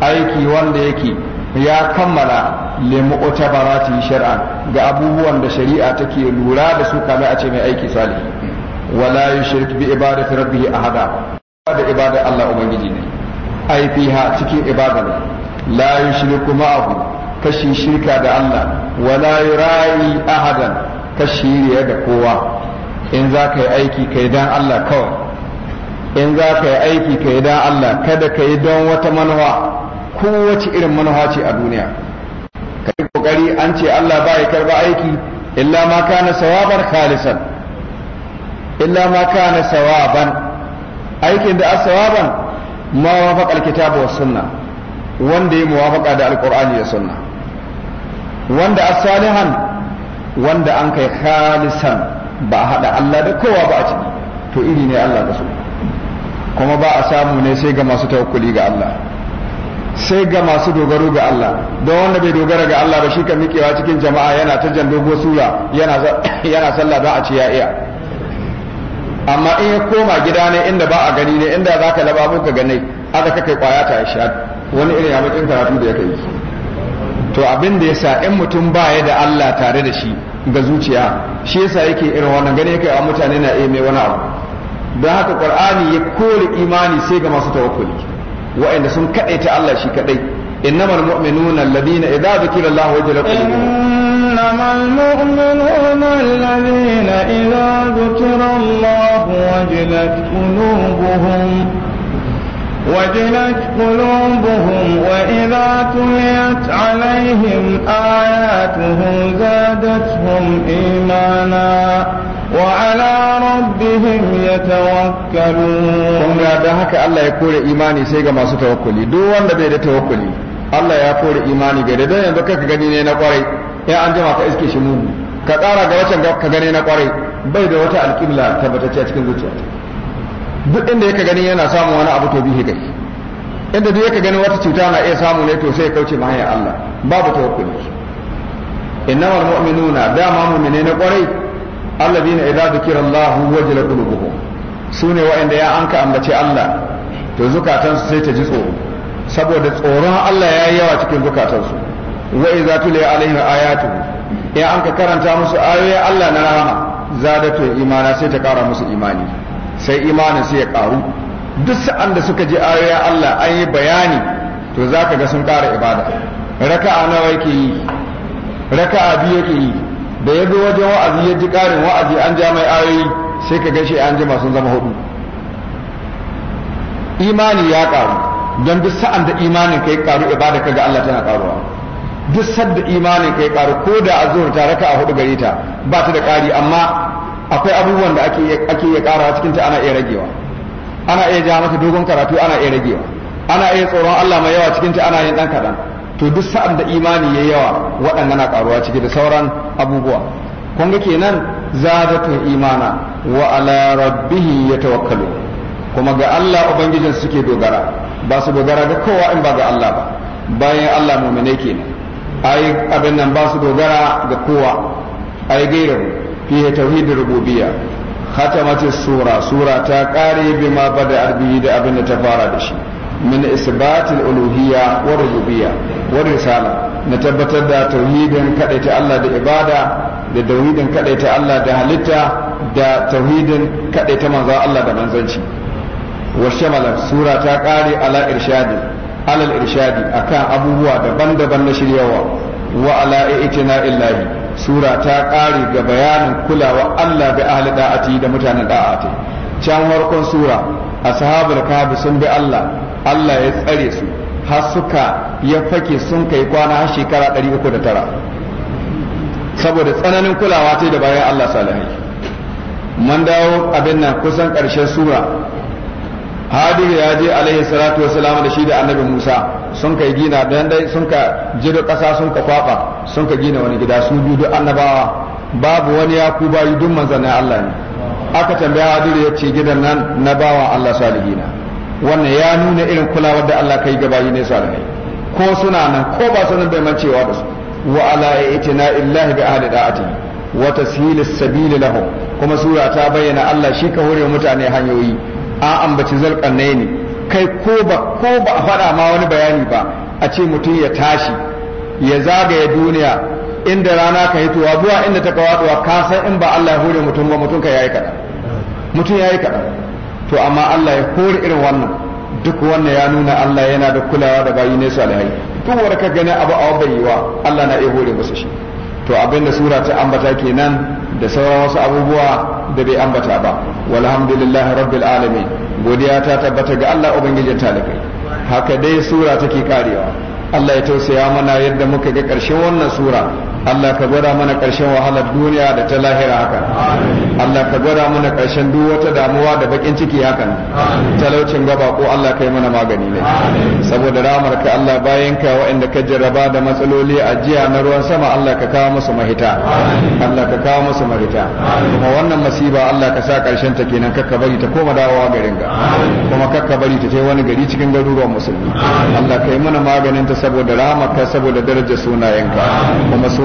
aiki wanda yake ya kammala lemu utabarati shar'an ga abubuwan da shari'a take lura da su kamar a ce mai aiki salihi wala yushrik bi ibadati rabbih ahada da ibada Allah ubangiji ne ai fiha cikin ibada ne la yushriku ma'ahu kashi shirka da Allah wala yurayi ahadan kashi da kowa in za ka yi aiki kai dan Allah kawai in za ka yi aiki kai dan Allah kada ka yi don wata ko kowace irin manuwa ce a duniya Kai yi kokari an ce Allah ba ya karba aiki illa ma kana sawabar khalisan illa ma kana sawaban aikin da asawaban ma wafaqa alkitabu was sunna wanda ya muwafaka da alqur'ani da sunna wanda asalihan wanda an kai khalisan ba hada Allah da kowa ba a ciki to iri ne Allah da su kuma ba a samu ne sai ga masu tawakkuli ga Allah sai ga masu dogaro ga Allah don wanda bai dogara ga Allah ba shi ka miƙewa cikin jama'a yana ta jan dogo sura yana sallah don a ce ya iya amma in ya koma gida ne inda ba a gani ne inda za ka laba muka ganai aka kai kwaya ta sha wani irin ya matsin karatu da ya kai to abin da yasa in mutum ba ya da Allah tare da shi ga zuciya shi yasa yake irin wannan gane yake a mutane na iya mai wani abu don haka qur'ani ya kore imani sai ga masu tawakkuli wa'anda sun kadaita Allah shi kadai innamal mu'minuna alladhina idza dhukira Allah qulubuhum إنما المؤمنون الذين إذا ذكر الله وجلت قلوبهم وجلت قلوبهم وإذا تليت عليهم آياته زادتهم إيمانا وعلى ربهم يتوكلون kun ga da haka Allah ya kore imani sai ga masu tawakkuli duk wanda bai da tawakkuli Allah ya kore imani ga da yanzu kaka gani ne na kwarai ya an jama ka iske shi mugu ka tsara ga wacan ka gane na kwarai bai da wata alƙibla tabbatacce a cikin zuciya duk inda yake gani yana samun wani abu to bihi gai inda duk yake gani wata cuta na iya samu ne to sai ya kauce mahayar Allah babu tawakkuli innamal mu'minuna dama mu'mine na kwarai alladhina idza dhukira Allah wajila qulubuhum sune wa'anda ya anka ambace Allah to zukatansu sai ta ji tsoro saboda tsoron Allah ya yi yawa cikin zukatansu wa iza tuliya alaihim ayatu in an ka karanta musu ayoyi Allah na rahama zadatu imana sai ta kara musu imani sai imanin sai ya karu duk sa'an da suka ji ayoyi Allah an yi bayani to za ka ga sun kara ibada raka'a nawa yake yi raka'a biyu yake yi da ya bi wajen wa'azi ya ji karin wa'azi an ja mai ayoyi sai ka gashi an jima sun zama hudu imani ya karu don duk sa'an da imanin ka ya karu ibada kaga Allah tana karuwa duk sadda imanin kai karu ko da a zuwa tare ka a hudu gare ta ba ta da kari amma akwai abubuwan da ake iya ƙara cikin ta ana iya ragewa ana iya ja mata dogon karatu ana iya ragewa ana iya tsoron Allah mai yawa cikin ta ana yin dan kadan to duk sa'an da imani yayi yawa waɗannan na karuwa ciki da sauran abubuwa kun ga kenan zadatu imana wa ala rabbihi yatawakkalu kuma ga Allah ubangijin suke dogara ba su dogara ga kowa in ba ga Allah ba bayan Allah mu'mine kenan ai abin nan ba su dogara ga kowa ai gairu fiye tauhidin rububiyya khatamatis sura sura ta kare bima bada arbihi da abin da ta fara da shi min isbatil uluhiyya wa rububiyya wa risala na tabbatar da tauhidin kadaita Allah da ibada da tauhidin kadaita Allah da halitta da tauhidin kadaita manzo Allah da manzanci wa shamala sura ta kare ala irshadi alal irshadi akan abubuwa daban-daban na shiryawa wa ala itina illahi sura ta ƙare ga bayanin kulawa Allah bi ahli da'ati da mutanen da'ati can farkon sura ashabul kahfi sun bi Allah Allah ya tsare su har suka ya fake sun kai kwana har shekara 309 saboda tsananin kulawa ce da bayan Allah salihai man dawo abin nan kusan ƙarshen sura hadiru ya je alaihi salatu wasalam da shi da annabi musa sun kai gina dan dai sun ka jiro kasa sun ka kwaba sun ka gina wani gida su biyu duk annabawa babu wani ya ku bayi duk manzannin allah ne aka tambaya hadiru ya ce gidan nan na bawa allah salihina wannan ya nuna irin kulawar da allah kai ga bayi ne salihai ko suna nan ko ba nan bai mancewa ba su wa ala itina illahi bi ahli da'ati wa tashilis sabili lahum kuma sura ta bayyana Allah shi ka hore mutane hanyoyi an ambaci zulqarnaini kai ko ba ko ba a faɗa ma wani bayani ba a ce mutum ya tashi ya zagaya duniya inda rana ka hitowa zuwa inda ta kawatuwa ka san in ba Allah ya hore mutum ba mutum ka yayi kaɗan mutum yayi kaɗan to amma Allah ya hore irin wannan duk wannan ya nuna Allah yana da kulawa da bayi ne su alhai duk wanda ka gani abu a wa Allah na iya hore musu shi to abinda sura ta ambata kenan da sauran wasu abubuwa da bai ambata ba walhamdulillahi rabbil alamin godiya ta tabbata ga Allah ubangijin talibai haka dai sura take karewa Allah ya tausaya mana yadda muka ga ƙarshen wannan sura Allah ka gwada mana ƙarshen wahalar duniya da ta lahira haka Allah ka gwada mana ƙarshen duk wata damuwa da bakin ciki hakan talaucin gaba ko Allah ka yi mana magani ne saboda ramar ka Allah bayan ka wa'inda ka jarraba da matsaloli a jiya na ruwan sama Allah ka kawo musu mahita Allah ka kawo musu mahita kuma wannan masiba Allah ka sa ƙarshen ta kenan kakka bari ta koma dawowa garin ga kuma kakka bari ta je wani gari cikin garuruwan musulmi Allah ka yi mana maganin ta saboda ramar ka saboda darajar sunayenka kuma su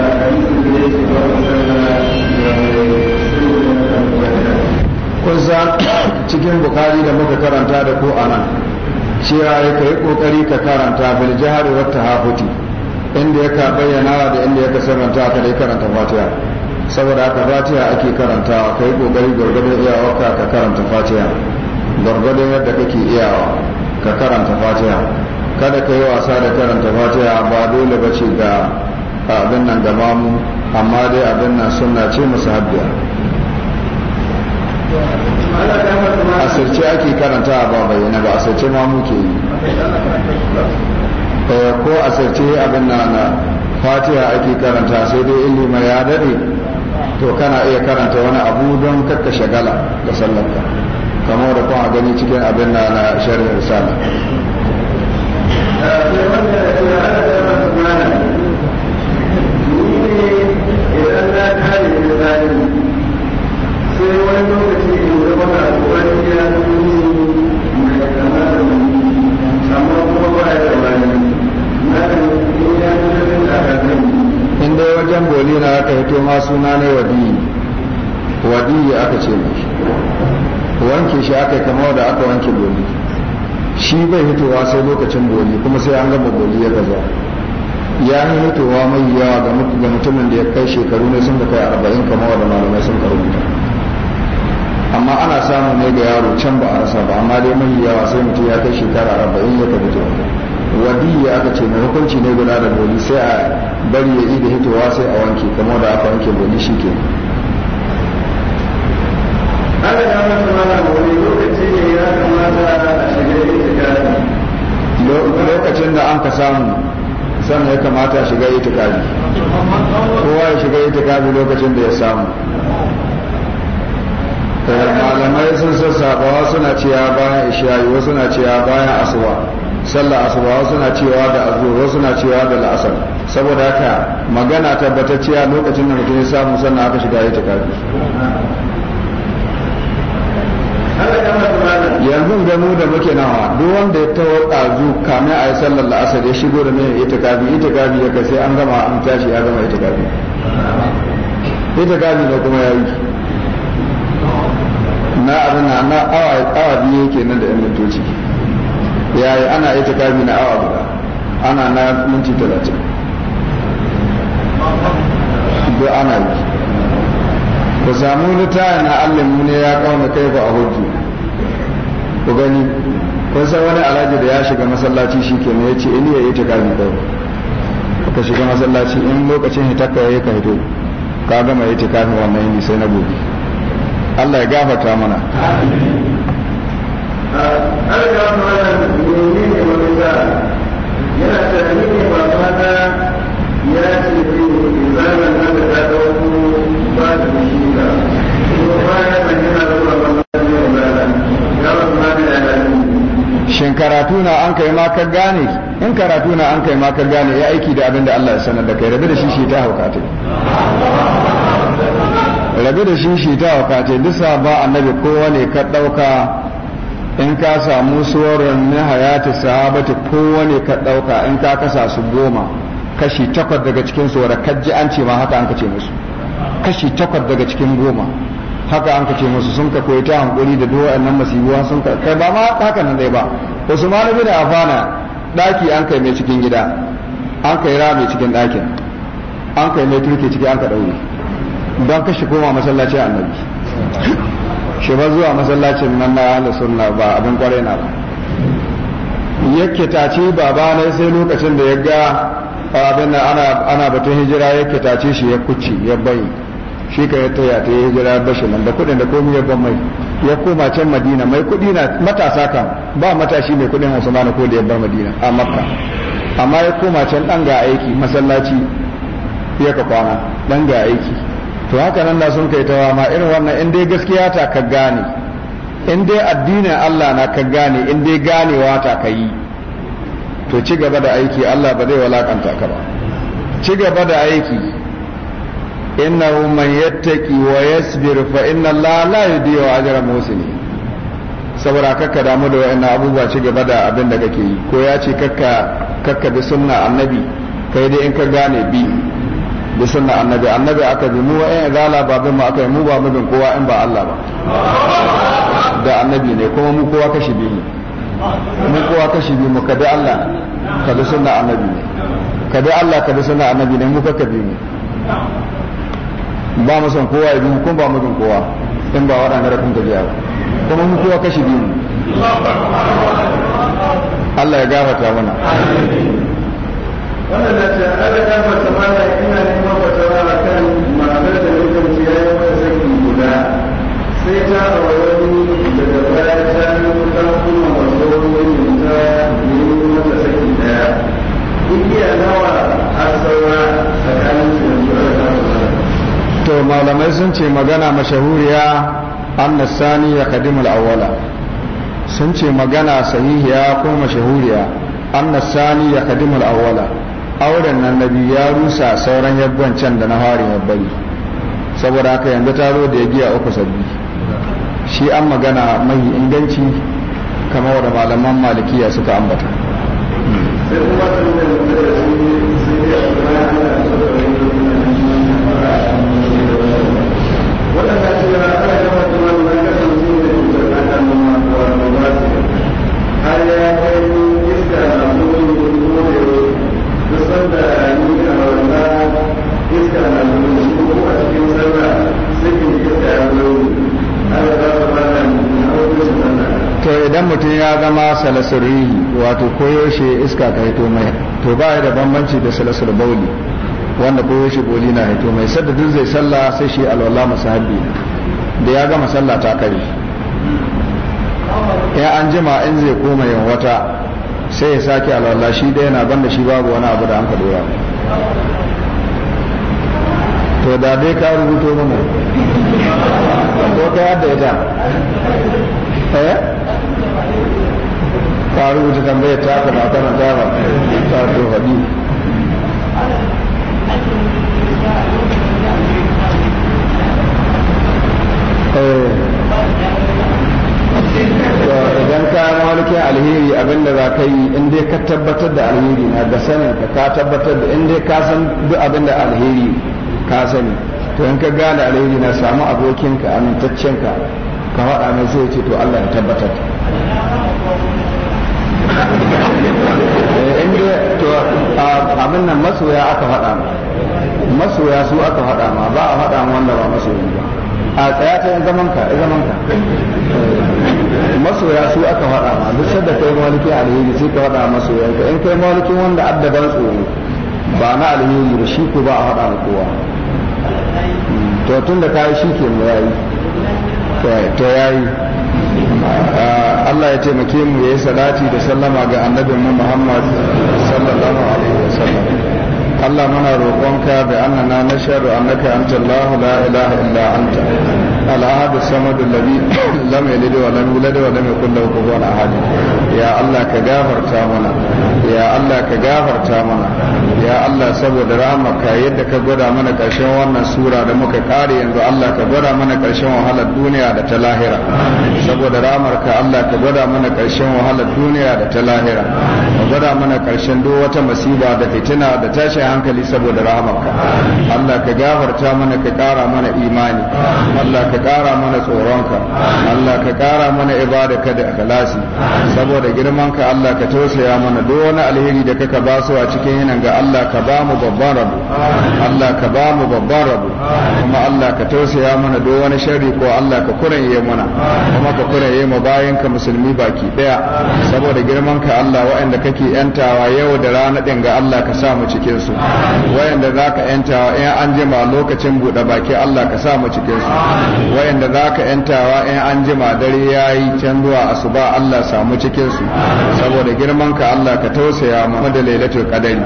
kun san cikin bukari da muka karanta da ko anan cewa ya kai kokari ka karanta bil jihar wa tahafuti inda ya ka bayyana da inda ya ka ka dai karanta fatiha saboda haka fatiha ake karantawa ka yi kokari gwargwadon iyawarka ka karanta fatiha Gargadin yadda kake iyawa ka karanta fatiha kada ka yi wasa da karanta fatiha ba dole ba ce ga abin nan ga mamu amma dai abin nan sunna ce musahabbiya asirce ake karanta ba bayyana ba asirce ma muke yi eh, ko asirce abin na na fatiha ake karanta sai dai ilima ya dade to kana iya karanta wani abu don kakka shagala da sallarka kamar da kuma gani cikin abin na na shari'ar ni ne idan na kare da awwalina aka hito ma suna ne wadi wadi aka ce mai wanke shi aka kama da aka wanke boli shi bai hitowa sai lokacin boli kuma sai an gama boli ya gaza ya yi hitowa mai yawa ga mutumin da ya kai shekaru ne sun da kai arba'in kamar da malamai sun karbuta amma ana samun ne ga yaro can ba a rasa ba amma dai mai yawa sai mutum ya kai shekara arba'in ya tabbatar wadiya aka ce mai hukunci ne guda da boli sai a bari ya da hitowa sai a wanke kamar da aka wanke boli shi ke Allah ya mata mana boli lokaci ne ya kamata a shiga itikadi lokacin da an ka samu sannan ya kamata a shiga kaji, kowa ya shiga kaji lokacin da ya samu malamai sun sassa ba suna ciya bayan ishiyayi wasu na ciya bayan asuwa sallar asuba wasu na cewa da azhur wasu na cewa da la'asar saboda haka magana tabbatacciya lokacin da mutum ya samu sannan aka shiga ya tafi yanzu gano da muke nawa duk wanda ya tawo azu kamin a yi sallar la'asar ya shigo da mai itikafi itikafi ya kai sai an gama an tashi ya gama itikafi itikafi da kuma ya yi na abin na awa biyu yake nan da yan mintoci yi ana ita kami na awa guda ana na minti talatin duk ana yi ba samu littafin na allin ne ya kauna kai ba a hujju ku gani kun san wani alhaji da ya shiga masallaci shi ke ya ce in ya yi ta kami kai ka shiga masallaci in lokacin hitakka ya yi ka hito ka gama yi ta kami wannan yi sai na gobe Allah ya gafata mana alƙawar ne ne shin karatu na an kai ma ka gane in karatu na an kai ma ka gane ya aiki da abin Allah ya sanar da kai rabe da shi shi ta hauka ta rabe da shi shi ta hauka ta duk ba annabi kowane ka ɗauka in ka samu suwarar na hayati sahabatu wani ka ɗauka in ka kasa su goma kashi takwas daga cikin suwarar kajji an ce ma haka an kace musu kashi takwas daga cikin goma haka an kace musu sun ka koyi ta hankuri da duwa nan masibuwa sun ka kai ba ma haka nan dai ba usman bin afana ɗaki an kai mai cikin gida an kai ra mai cikin ɗakin an kai mai turke ciki an ka ɗaure don kashi koma masallaci annabi shi ba zuwa masallacin nan na ahlus sunna ba abin kwarai na ba yake tace baba na sai lokacin da ya ga abin da ana ana batun hijira yake ci shi ya kuci ya bai shi ka ya ta ya hijira shi nan da kudin da komai ya ban mai ya koma can madina mai kudi na matasa kan ba matashi mai kudin usman ko da ya bar madina a makka amma ya koma can dan ga aiki masallaci ya ka kwana ɗan ga aiki to haka nan da sun kai tawa ma irin wannan in dai gaskiya ta ka gane in dai addinin Allah na ka gane in dai ganewa ta ka yi to ci gaba da aiki Allah ba zai walakanta ka ba ci gaba da aiki innahu man yattaqi wa yasbir fa inna Allah la yudiyu ajra muhsinin saboda kakka damu da wa'annan abubuwa ci gaba da abin da kake yi ko ya ce kakka kakka bi sunna annabi kai dai in ka gane bi bi annabi annabi aka bi mu wa'in izala ba bin mu aka yi mu ba mu bin kowa in ba Allah ba da annabi ne kuma mu kowa kashi bi mu mu kowa kashi bi mu ka bi Allah ka bi annabi ne ka bi Allah ka bi annabi ne mu ka ka bi mu ba mu kowa ya bi mu kun ba mu bin kowa in ba waɗanda da kun ba kuma mu kowa kashi bi mu Allah ya gafarta mana wannan da Allah ya gafarta mana ina sai ta ta yi a saura tsakanin da to malamai sun ce magana mashahuriya an nasani ya kadimul awwala sun ce magana sahihiya ko mashahuriya an nasani ya kadimul awwala auren nan na biyu ya rusa sauran yabban can da na harin yabbali saboda haka yanzu ta zo da ya giya uku sabbi shi an magana mai inganci kamar wadda malaman malikiya suka ambata waɗanda hmm. mutum ya zama salasuri wato koyaushe iska ka hito mai to ba da bambanci da salasur bauli wanda koyaushe boli na hito mai sadda duk zai sallah sai shi alwala musahabi da ya gama sallah ta kare ya an jima in zai koma yin wata sai ya sake alwala shi da yana banda shi babu wani abu da an ka dora to da dai ka rubuto mana ko ka yadda ita eh ka rubuta tambayar ta ka ba kana ta ba ta to hadi eh. idan ka malike alheri abinda za ka yi in dai ka tabbatar da alheri na da sanin ka ka tabbatar da in dai ka san duk abinda alheri ka sani to in ka gane alheri na samu abokinka amintaccenka ka faɗa mai sai ce to Allah ya tabbatar Eh, inda to abin nan masoya aka faɗa masoya su aka faɗa ma ba a faɗa wanda ba masoyi ba a tsaya ta yin zaman ka zaman ka masoya su aka faɗa ma duk sadda kai malikin alheri sai ka faɗa masoyan ka in kai malikin wanda addaban tsoro ba na alheri ba shi ko ba a faɗa ma kowa to tun da yi shi ke mu yayi to yayi Allah ya taimake mu ya yi salati da sallama ga annabin mu Muhammad sallallahu alaihi wa sallam. Allah muna roƙonka bi annana nashhadu annaka antallahu la ilaha illa anta الأحد الصمد الذي لم يلد ولم يولد ولم يكن له كفوا أحد يا الله كغافر تامنا يا الله كغافر تامنا يا الله سبو درامك ka gwada mana karshen wannan sura da muka kare yanzu Allah ka gwada mana karshen wahalar duniya da ta lahira saboda ramar ka Allah ka gwada mana karshen wahalar duniya da ta lahira ka gwada mana karshen duk wata masiba da fitina da tashin hankali saboda ramarka Allah ka gafarta mana ka kara mana imani Allah ka ƙara mana tsoronka Allah ka ƙara mana ibadaka da ikhlasi saboda girmanka Allah ka tausaya mana duk wani alheri da kaka ba su a cikin yinan ga Allah ka ba mu babban rabo Allah ka ba mu babban rabo kuma Allah ka tausaya mana duk wani sharri ko Allah ka kuraye mana kuma ka kuraye mu bayan ka musulmi baki daya saboda girmanka Allah waɗanda kake yantawa yau da rana din ga Allah ka sa mu cikin su waɗanda zaka yantawa in an jima lokacin buɗe baki Allah ka sa mu cikin su wayanda za ka yantawa in an jima dare ya yi can zuwa ba Allah samu cikinsu saboda girmanka Allah ka tausaya mu da lailatul qadari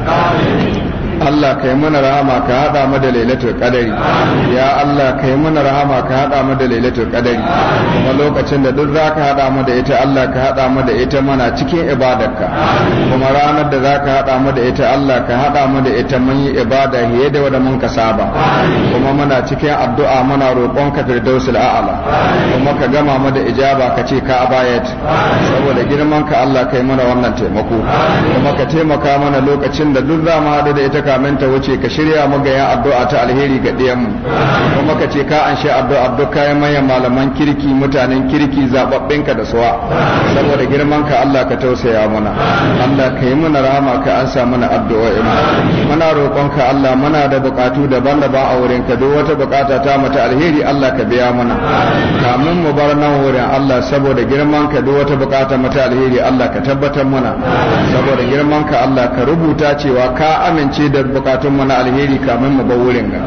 Allah ka yi mana rahama ka haɗa mu da lailatul qadari ya Allah ka yi mana rahama ka haɗa mu da lailatul qadari kuma lokacin da duk zaka haɗa mu da ita Allah ka haɗa mu da ita mana cikin ibadarka kuma ranar da zaka haɗa mu da ita Allah ka haɗa mu da ita mun yi ibada hiye da wanda mun ka saba kuma muna cikin addu'a muna roƙon ka firdausul ala kuma ka gama mu da ijaba ka ce ka abayat saboda girman ka Allah ka yi mana wannan taimako kuma ka taimaka mana lokacin da duk za mu haɗu da ita kamin ta wuce ka shirya mu ga yan addu'a ta alheri ga ɗiyan mu kuma ka ce ka an sha addu'a duk kayan manyan malaman kirki mutanen kirki zababbin ka da suwa saboda girman ka Allah ka tausaya mana Allah ka yi mana rahama ka an sa mana ina muna roƙon ka Allah muna da buƙatu daban da ba a wurin ka duk wata buƙata ta mata alheri Allah ka biya mana kamin mu bar nan wurin Allah saboda girman ka duk wata buƙata mata alheri Allah ka tabbatar mana saboda girman ka Allah ka rubuta cewa ka amince da bukatunmu na alheri kamin mu bar wurin ga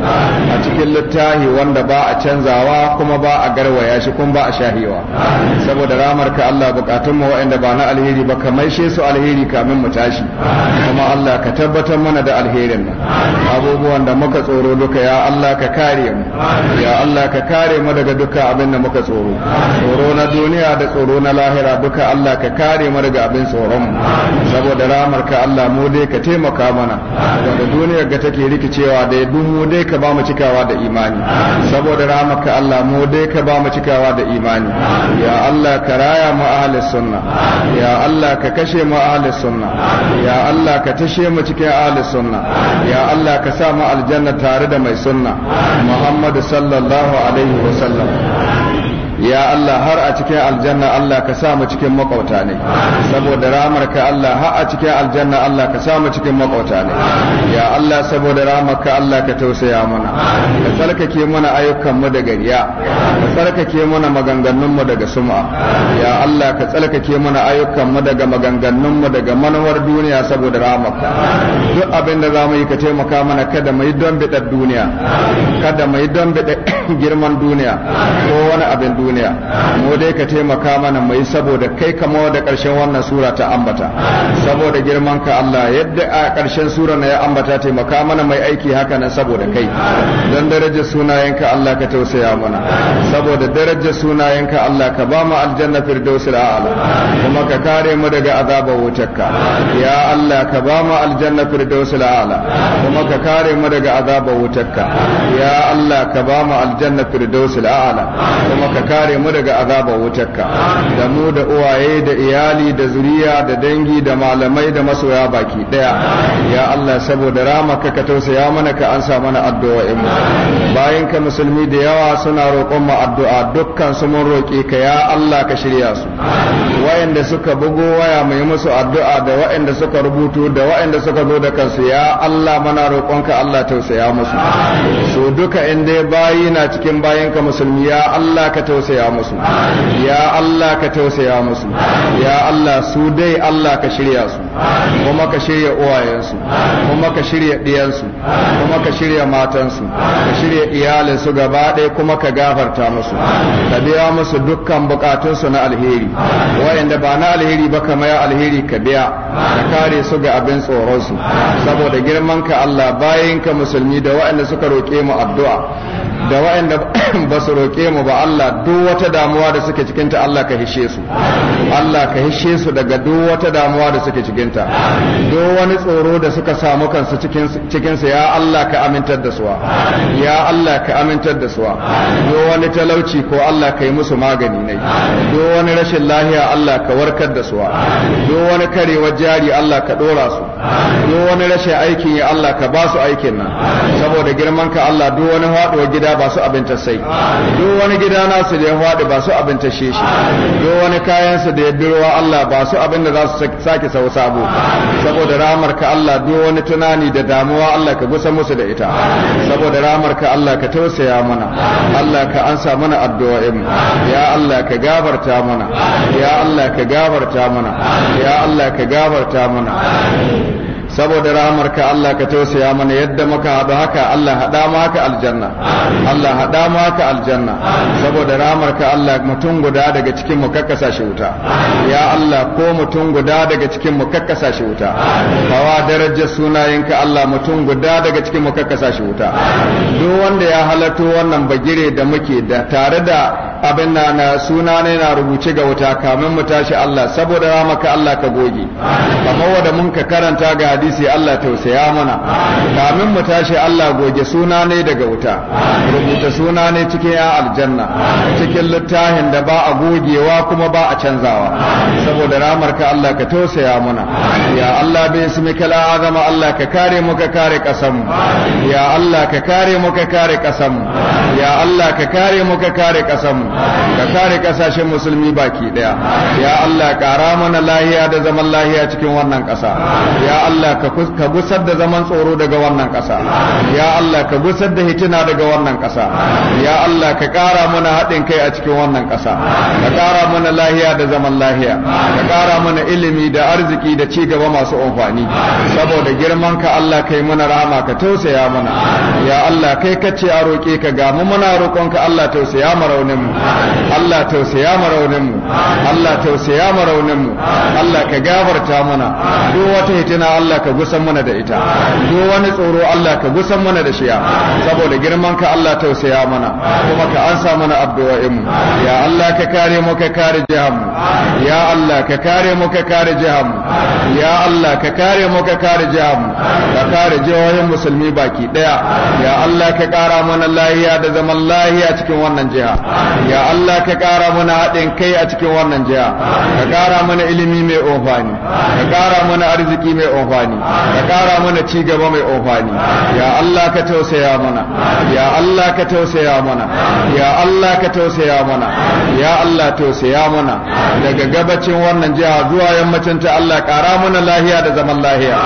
a cikin littahi wanda ba a canzawa kuma ba a garwaya shi kuma ba a shahiwa saboda ramar ka Allah mu waɗanda ba na alheri ba ka maishe su alheri kamin mu tashi kuma Allah ka tabbatar mana da alherin nan abubuwan da muka tsoro duka ya Allah ka kare mu ya Allah ka kare mu daga duka abin da muka tsoro tsoro na duniya da tsoro na lahira duka Allah ka kare mu daga abin tsoron mu saboda ramar ka Allah mu dai ka taimaka mana da duniyar ga take rikicewa da yadu mu dai ka ba mu cikawa da imani saboda ramaka Allah mu dai ka ba mu cikawa da imani ya Allah ka raya mu ahli sunna ya Allah ka kashe mu ahli sunna ya Allah ka tashe mu cikin ahli sunna ya Allah ka sa mu aljanna tare da mai sunna Muhammad sallallahu alaihi wasallam ya Allah har a cikin aljanna Allah ka sa mu cikin makauta ne saboda ramarka Allah har a cikin aljanna Allah ka sa mu cikin makauta ne ya Allah saboda ramarka Allah ka tausaya mana ka tsarkake mana ayyukan daga riya ka tsarkake mana maganganun daga suma ya Allah ka tsarkake mana ayyukan daga maganganun daga manowar duniya saboda ramarka duk abin da ka taimaka mana kada mu yi don bidar duniya kada mu yi don bidar girman duniya ko wani abin duniya duniya mu dai ka taimaka mana mai saboda kai kama da ƙarshen wannan sura ta ambata saboda girman ka Allah yadda a ƙarshen sura na ya ambata taimaka mana mai aiki haka nan saboda kai don darajar sunayenka Allah ka tausaya mana saboda darajar sunayenka Allah ka ba mu aljanna firdausul a'la kuma ka kare mu daga azabar wutarka ya Allah ka ba mu aljanna firdausul a'la kuma ka kare mu daga azabar wutarka ya Allah ka ba mu aljanna firdausul a'la kuma ka kare mu daga azabar wutarka da mu da uwaye da iyali da zuriya da dangi da malamai da masoya baki daya ya Allah saboda ramaka ka tausaya mana ka ansa mana addu'a mu bayan ka musulmi da yawa suna roƙon mu addu'a dukkan su mun roƙe ka ya Allah ka shirya su wayanda suka bugo waya mu yi musu addu'a da wayanda suka rubutu da wayanda suka zo da kansu ya Allah mana roƙon ka Allah tausaya musu so duka inda bayi na cikin bayan ka musulmi ya Allah ka tausaya tausaya musu ya Allah ka tausaya musu ya Allah su dai Allah ka shirya su kuma ka shirya uwayensu kuma ka shirya ɗiyansu kuma ka shirya matansu ka shirya iyalinsu gaba ɗaya kuma ka gafarta musu ka biya musu dukkan bukatunsu na alheri wayanda ba na alheri ba ka maya alheri ka biya ka kare su ga abin tsoronsu saboda girman ka Allah bayan ka musulmi da wayanda suka roƙe mu addu'a da wayanda ba su roƙe mu ba Allah duk wata damuwa da suke cikinta Allah ka hishe su Allah ka hishe su daga duk wata damuwa da suke cikin cikinta do wani tsoro da suka samu kansu cikinsu ya Allah ka amintar da suwa ya Allah ka amintar da suwa do wani talauci ko Allah ka yi musu magani ne do wani rashin lahiya Allah ka warkar da suwa do wani karewar jari Allah ka dora su do wani rashin aikin ya Allah ka ba su aikin nan saboda girman ka Allah do wani haɗuwar gida ba su abinta sai do wani gida nasu da ya haɗu ba su abinta shi do wani kayansu da ya birowa Allah ba su abin da za su sake sausa abu saboda ramar ka Allah duk wani tunani da damuwa Allah ka gusa musu da ita saboda ramar ka Allah ka tausaya mana Allah ka ansa mana addu'o'in ya Allah ka gafarta mana ya Allah ka gafarta mana ya Allah ka gafarta mana saboda rahamarka Allah ka tausaya mana yadda muka haɗu haka Allah haɗa maka aljanna Allah haɗa maka aljanna saboda rahamarka Allah mutum guda daga cikin mu kakkasa shi wuta ya Allah ko mutum guda daga cikin mu kakkasa shi wuta bawa darajar sunayenka Allah mutum guda daga cikin mu kakkasa shi wuta duk wanda ya halatto wannan bagire da muke da tare da abin na na suna ne na rubuce ga wuta kamin mu tashi Allah saboda ramaka Allah ka goge kamar wanda mun ka karanta ga hadisi Allah tausaya mana kamin mu tashi Allah goge suna ne daga wuta rubuta suna ne cikin ya aljanna cikin littafin da ba a gogewa kuma ba a canzawa saboda ramarka Allah ka tausaya mana ya Allah bai ismika azama Allah ka kare mu ka kare kasanmu ya Allah ka kare mu ka kare kasanmu ya Allah ka kare mu ka kare kasanmu ka kare kasashen musulmi baki daya ya Allah kara mana lahiya da zaman lahiya cikin wannan kasa ya Allah ka gusar da zaman tsoro daga wannan kasa ya Allah ka gusar da hitina daga wannan kasa ya Allah ka kara mana haɗin kai a cikin wannan kasa ka kara mana lahiya da zaman lahiya ka kara mana ilimi da arziki da ci gaba masu amfani saboda girman ka Allah kai mana rama ka tausaya mana ya Allah kai kace a roƙe ka ga mu muna roƙonka Allah tausaya mu raunin mu Allah tausaya mu rauninmu. mu Allah tausaya mu rauninmu. mu Allah ka gafarta mana duk wata hitina Allah ka gusan mana da ita duk wani tsoro Allah ka gusan mana da shiya saboda girman ka Allah tausaya mana kuma ka ansa mana addu'o'in mu ya Allah ka kare mu ka kare jihar mu ya Allah ka kare mu ka kare jihar mu ya Allah ka kare mu ka kare jihar mu ka kare jihohin musulmi baki daya ya Allah ka kara mana lahiya da zaman lahiya cikin wannan jiha ya Allah ka kara mana haɗin kai a cikin wannan jiya ka kara mana ilimi mai amfani ka kara mana arziki mai amfani ka kara mana ci gaba mai amfani ya Allah ka tausaya mana ya Allah ka tausaya mana ya Allah ka tausaya mana ya Allah tausaya mana daga gabacin wannan jiya zuwa yammacin ta Allah kara mana lahiya da zaman lahiya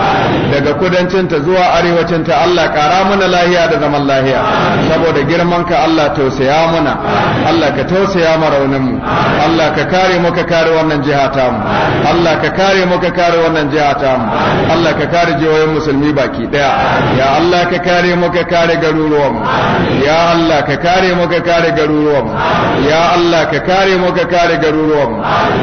daga kudancin ta zuwa arewacin ta Allah kara mana lahiya da zaman lahiya saboda girman ka Allah tausaya mana Allah ka tausaya ma mu Allah ka kare mu ka kare wannan jiha mu Allah ka kare mu ka kare wannan jiha mu Allah ka kare jihohin musulmi baki daya ya Allah ka kare mu ka kare garuruwan ya Allah ka kare mu ka kare garuruwan ya Allah ka kare mu ka kare garuruwan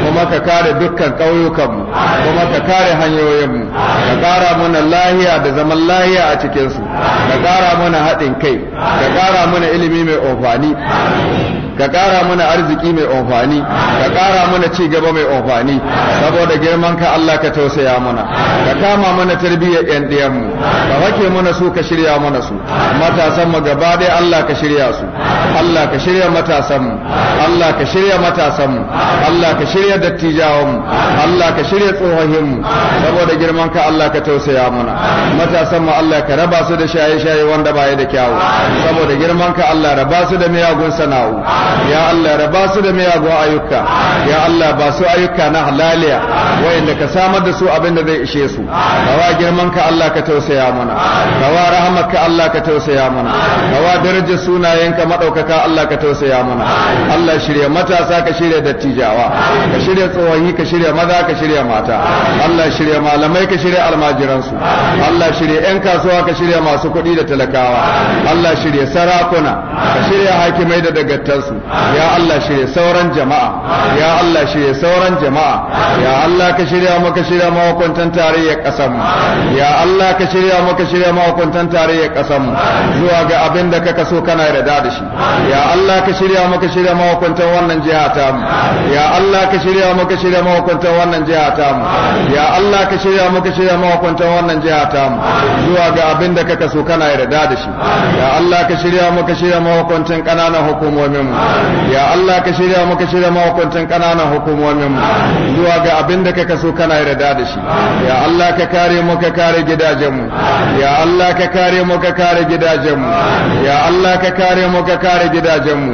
kuma ka kare dukkan mu kuma ka kare hanyoyin mu ka kara mana lahiya da zaman lahiya a cikin su ka kara mana haɗin kai ka kara mana ilimi mai amfani ka ƙara mana arziki mai amfani ka ƙara mana ci gaba mai amfani saboda girman ka Allah ka tausaya mana ka kama mana tarbiyyar ƴan ɗiyan mu ka hake mana su ka shirya mana su matasan mu gaba dai Allah ka shirya su Allah ka shirya matasan mu Allah ka shirya matasan mu Allah ka shirya dattijawan mu Allah ka shirya tsohahin mu saboda girman ka Allah ka tausaya mana matasan mu Allah ka raba su da shaye-shaye wanda baya da kyawu saboda girman ka Allah raba su da miyagun sana'u ya Allah raba su da miyagun ayyuka ya Allah ba su ayyuka na halaliya wayanda ka samar da su abin da zai ishe su kawa girman ka Allah ka tausaya mana kawa rahama ka Allah ka tausaya mana kawa darajar sunayen ka madaukaka Allah ka tausaya mana Allah shirya matasa ka shirya dattijawa ka shirya tsohoni ka shirya maza ka shirya mata Allah shirya malamai ka shirya almajiransu Allah shirya 'yan kasuwa ka shirya masu kuɗi da talakawa Allah shirya sarakuna ka shirya hakimai da dagattansu ya Allah shirya sauran jama'a ya Allah shirya sauran jama'a ya Allah ka shirya maka shirya mawakwantan tarayyar kasar mu ya Allah ka shirya maka shirya mawakwantan tarayyar kasar mu zuwa ga abin da kaka so kana yarda da shi ya Allah ka shirya maka shirya mawakwantan wannan jiha ta mu ya Allah ka shirya maka shirya mawakwantan wannan jiha ta mu ya Allah ka shirya maka shirya mawakwantan wannan jiha ta mu zuwa ga abin da kaka so kana yarda da shi ya Allah ka shirya maka shirya mawakwantan kananan hukumomin mu ya Allah ka shirya mu ka shirya mahukuntan kananan hukumomin mu zuwa ga abin da kaka so kana yarda da shi ya Allah ka kare mu ka kare gidajen mu ya Allah ka kare mu ka kare gidajen mu ya Allah ka kare mu ka kare gidajen mu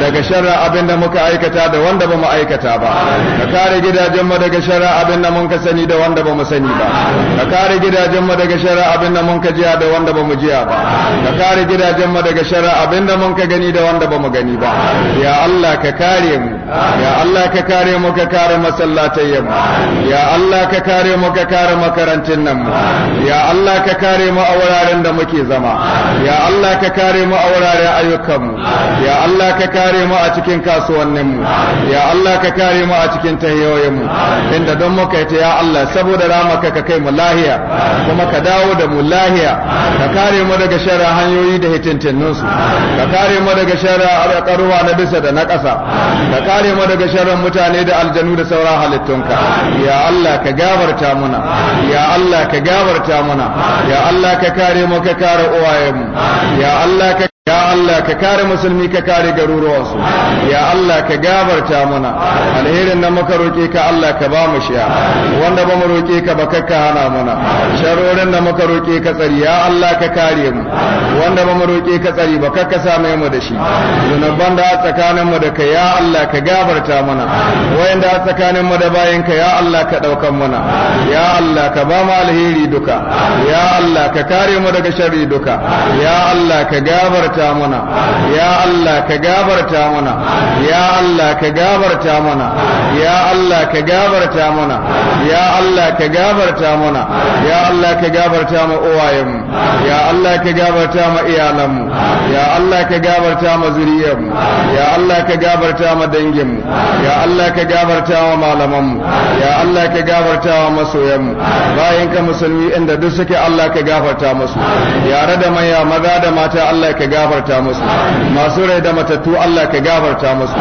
daga sharra abin da muka aikata da wanda ba mu aikata ba ka kare gidajen mu daga sharra abin da mun ka sani da wanda ba mu sani ba ka kare gidajen mu daga sharra abin da mun ka jiya da wanda ba mu jiya ba ka kare gidajen mu daga sharra abin da mun ka gani da wanda ba mu gani ba ya Allah ka kare mu ya Allah ka kare mu ka kare masallatayen mu ya Allah ka kare mu ka kare makarantun nan mu ya Allah ka kare mu a wuraren da muke zama ya Allah ka kare mu a wuraren ayyukan mu ya Allah ka kare mu a cikin kasuwannin mu ya Allah ka kare inda don muka ta Allah saboda ramaka ka kai mu kuma ka dawo da mu lahiya ka kare mu daga hanyoyi da hitintinnunsu ka kare mu daga a raba na bisa da na ƙasa ka kare mu daga sharrin mutane da aljanu da sauran halittunka ya Allah ka gabarta muna ya Allah ka gabarta muna ya Allah ka kare mu ka kare uwayenmu ya Allah ka ya Allah ka kare musulmi ka kare su. ya Allah ka gabarta mana alherin da muka roƙe ka Allah ka ba mu shiya wanda ba mu roƙe ka ba ka hana mana sharorin da muka roƙe ka tsari ya Allah ka kare mu wanda ba mu roƙe ka tsari ba ka same mu da shi zunuban da a tsakanin mu da ka ya Allah ka gabarta mana wayanda a tsakanin mu da bayan ka ya Allah ka ɗaukan mana ya Allah ka ba mu alheri duka ya Allah ka kare mu daga sharri duka ya Allah ka gabarta gafarta mana ya Allah ka gafarta mana ya Allah ka gafarta mana ya Allah ka gafarta mana ya Allah ka gafarta mana ya Allah ka gafarta ma uwayenmu ya Allah ka gafarta ma iyalanmu ya Allah ka gafarta ma zuriyarmu ya Allah ka gafarta ma danginmu ya Allah ka gafarta wa malamanmu ya Allah ka gafarta wa masoyanmu bayan ka musulmi inda duk suke Allah ka gafarta musu yare da maya maza da mata Allah ka gafarta musu masu rai da matattu Allah ka gafarta musu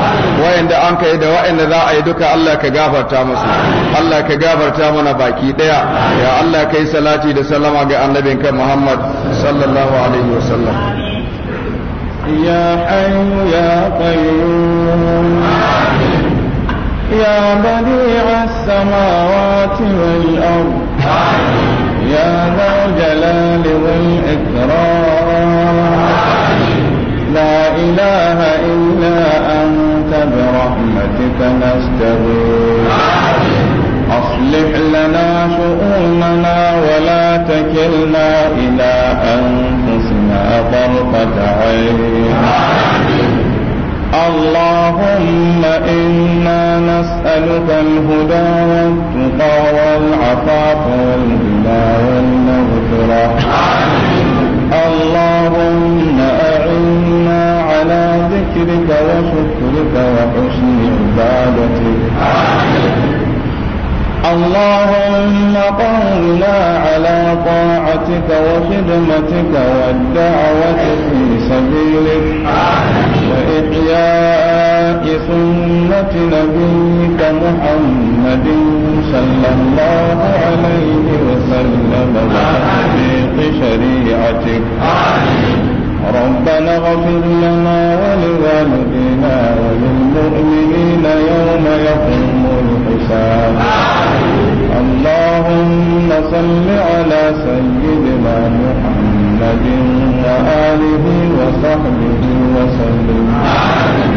wayanda an kai da wayanda za a yi duka Allah ka gafarta musu Allah ka gafarta mana baki daya ya Allah kai salati da salama ga annabinka Muhammad sallallahu alaihi wasallam ya حي ya قيوم يا بديع السماوات والأرض يا ذا الجلال والإكرام لا إله إلا أنت برحمتك نستغيث أصلح لنا شؤوننا ولا تكلنا إلى أنفسنا طرفة عين اللهم إنا نسألك الهدى والتقى والعفاف والغنى والمغفرة الله وشكرك وحسن عبادتك اللهم قونا على طاعتك وخدمتك والدعوة في سبيلك وإحياء سنة نبيك محمد صلى الله عليه وسلم وتحقيق شريعتك ربنا اغفر لنا ولوالدينا وللمؤمنين يوم يقوم الحساب اللهم صل على سيدنا محمد وآله وصحبه وسلم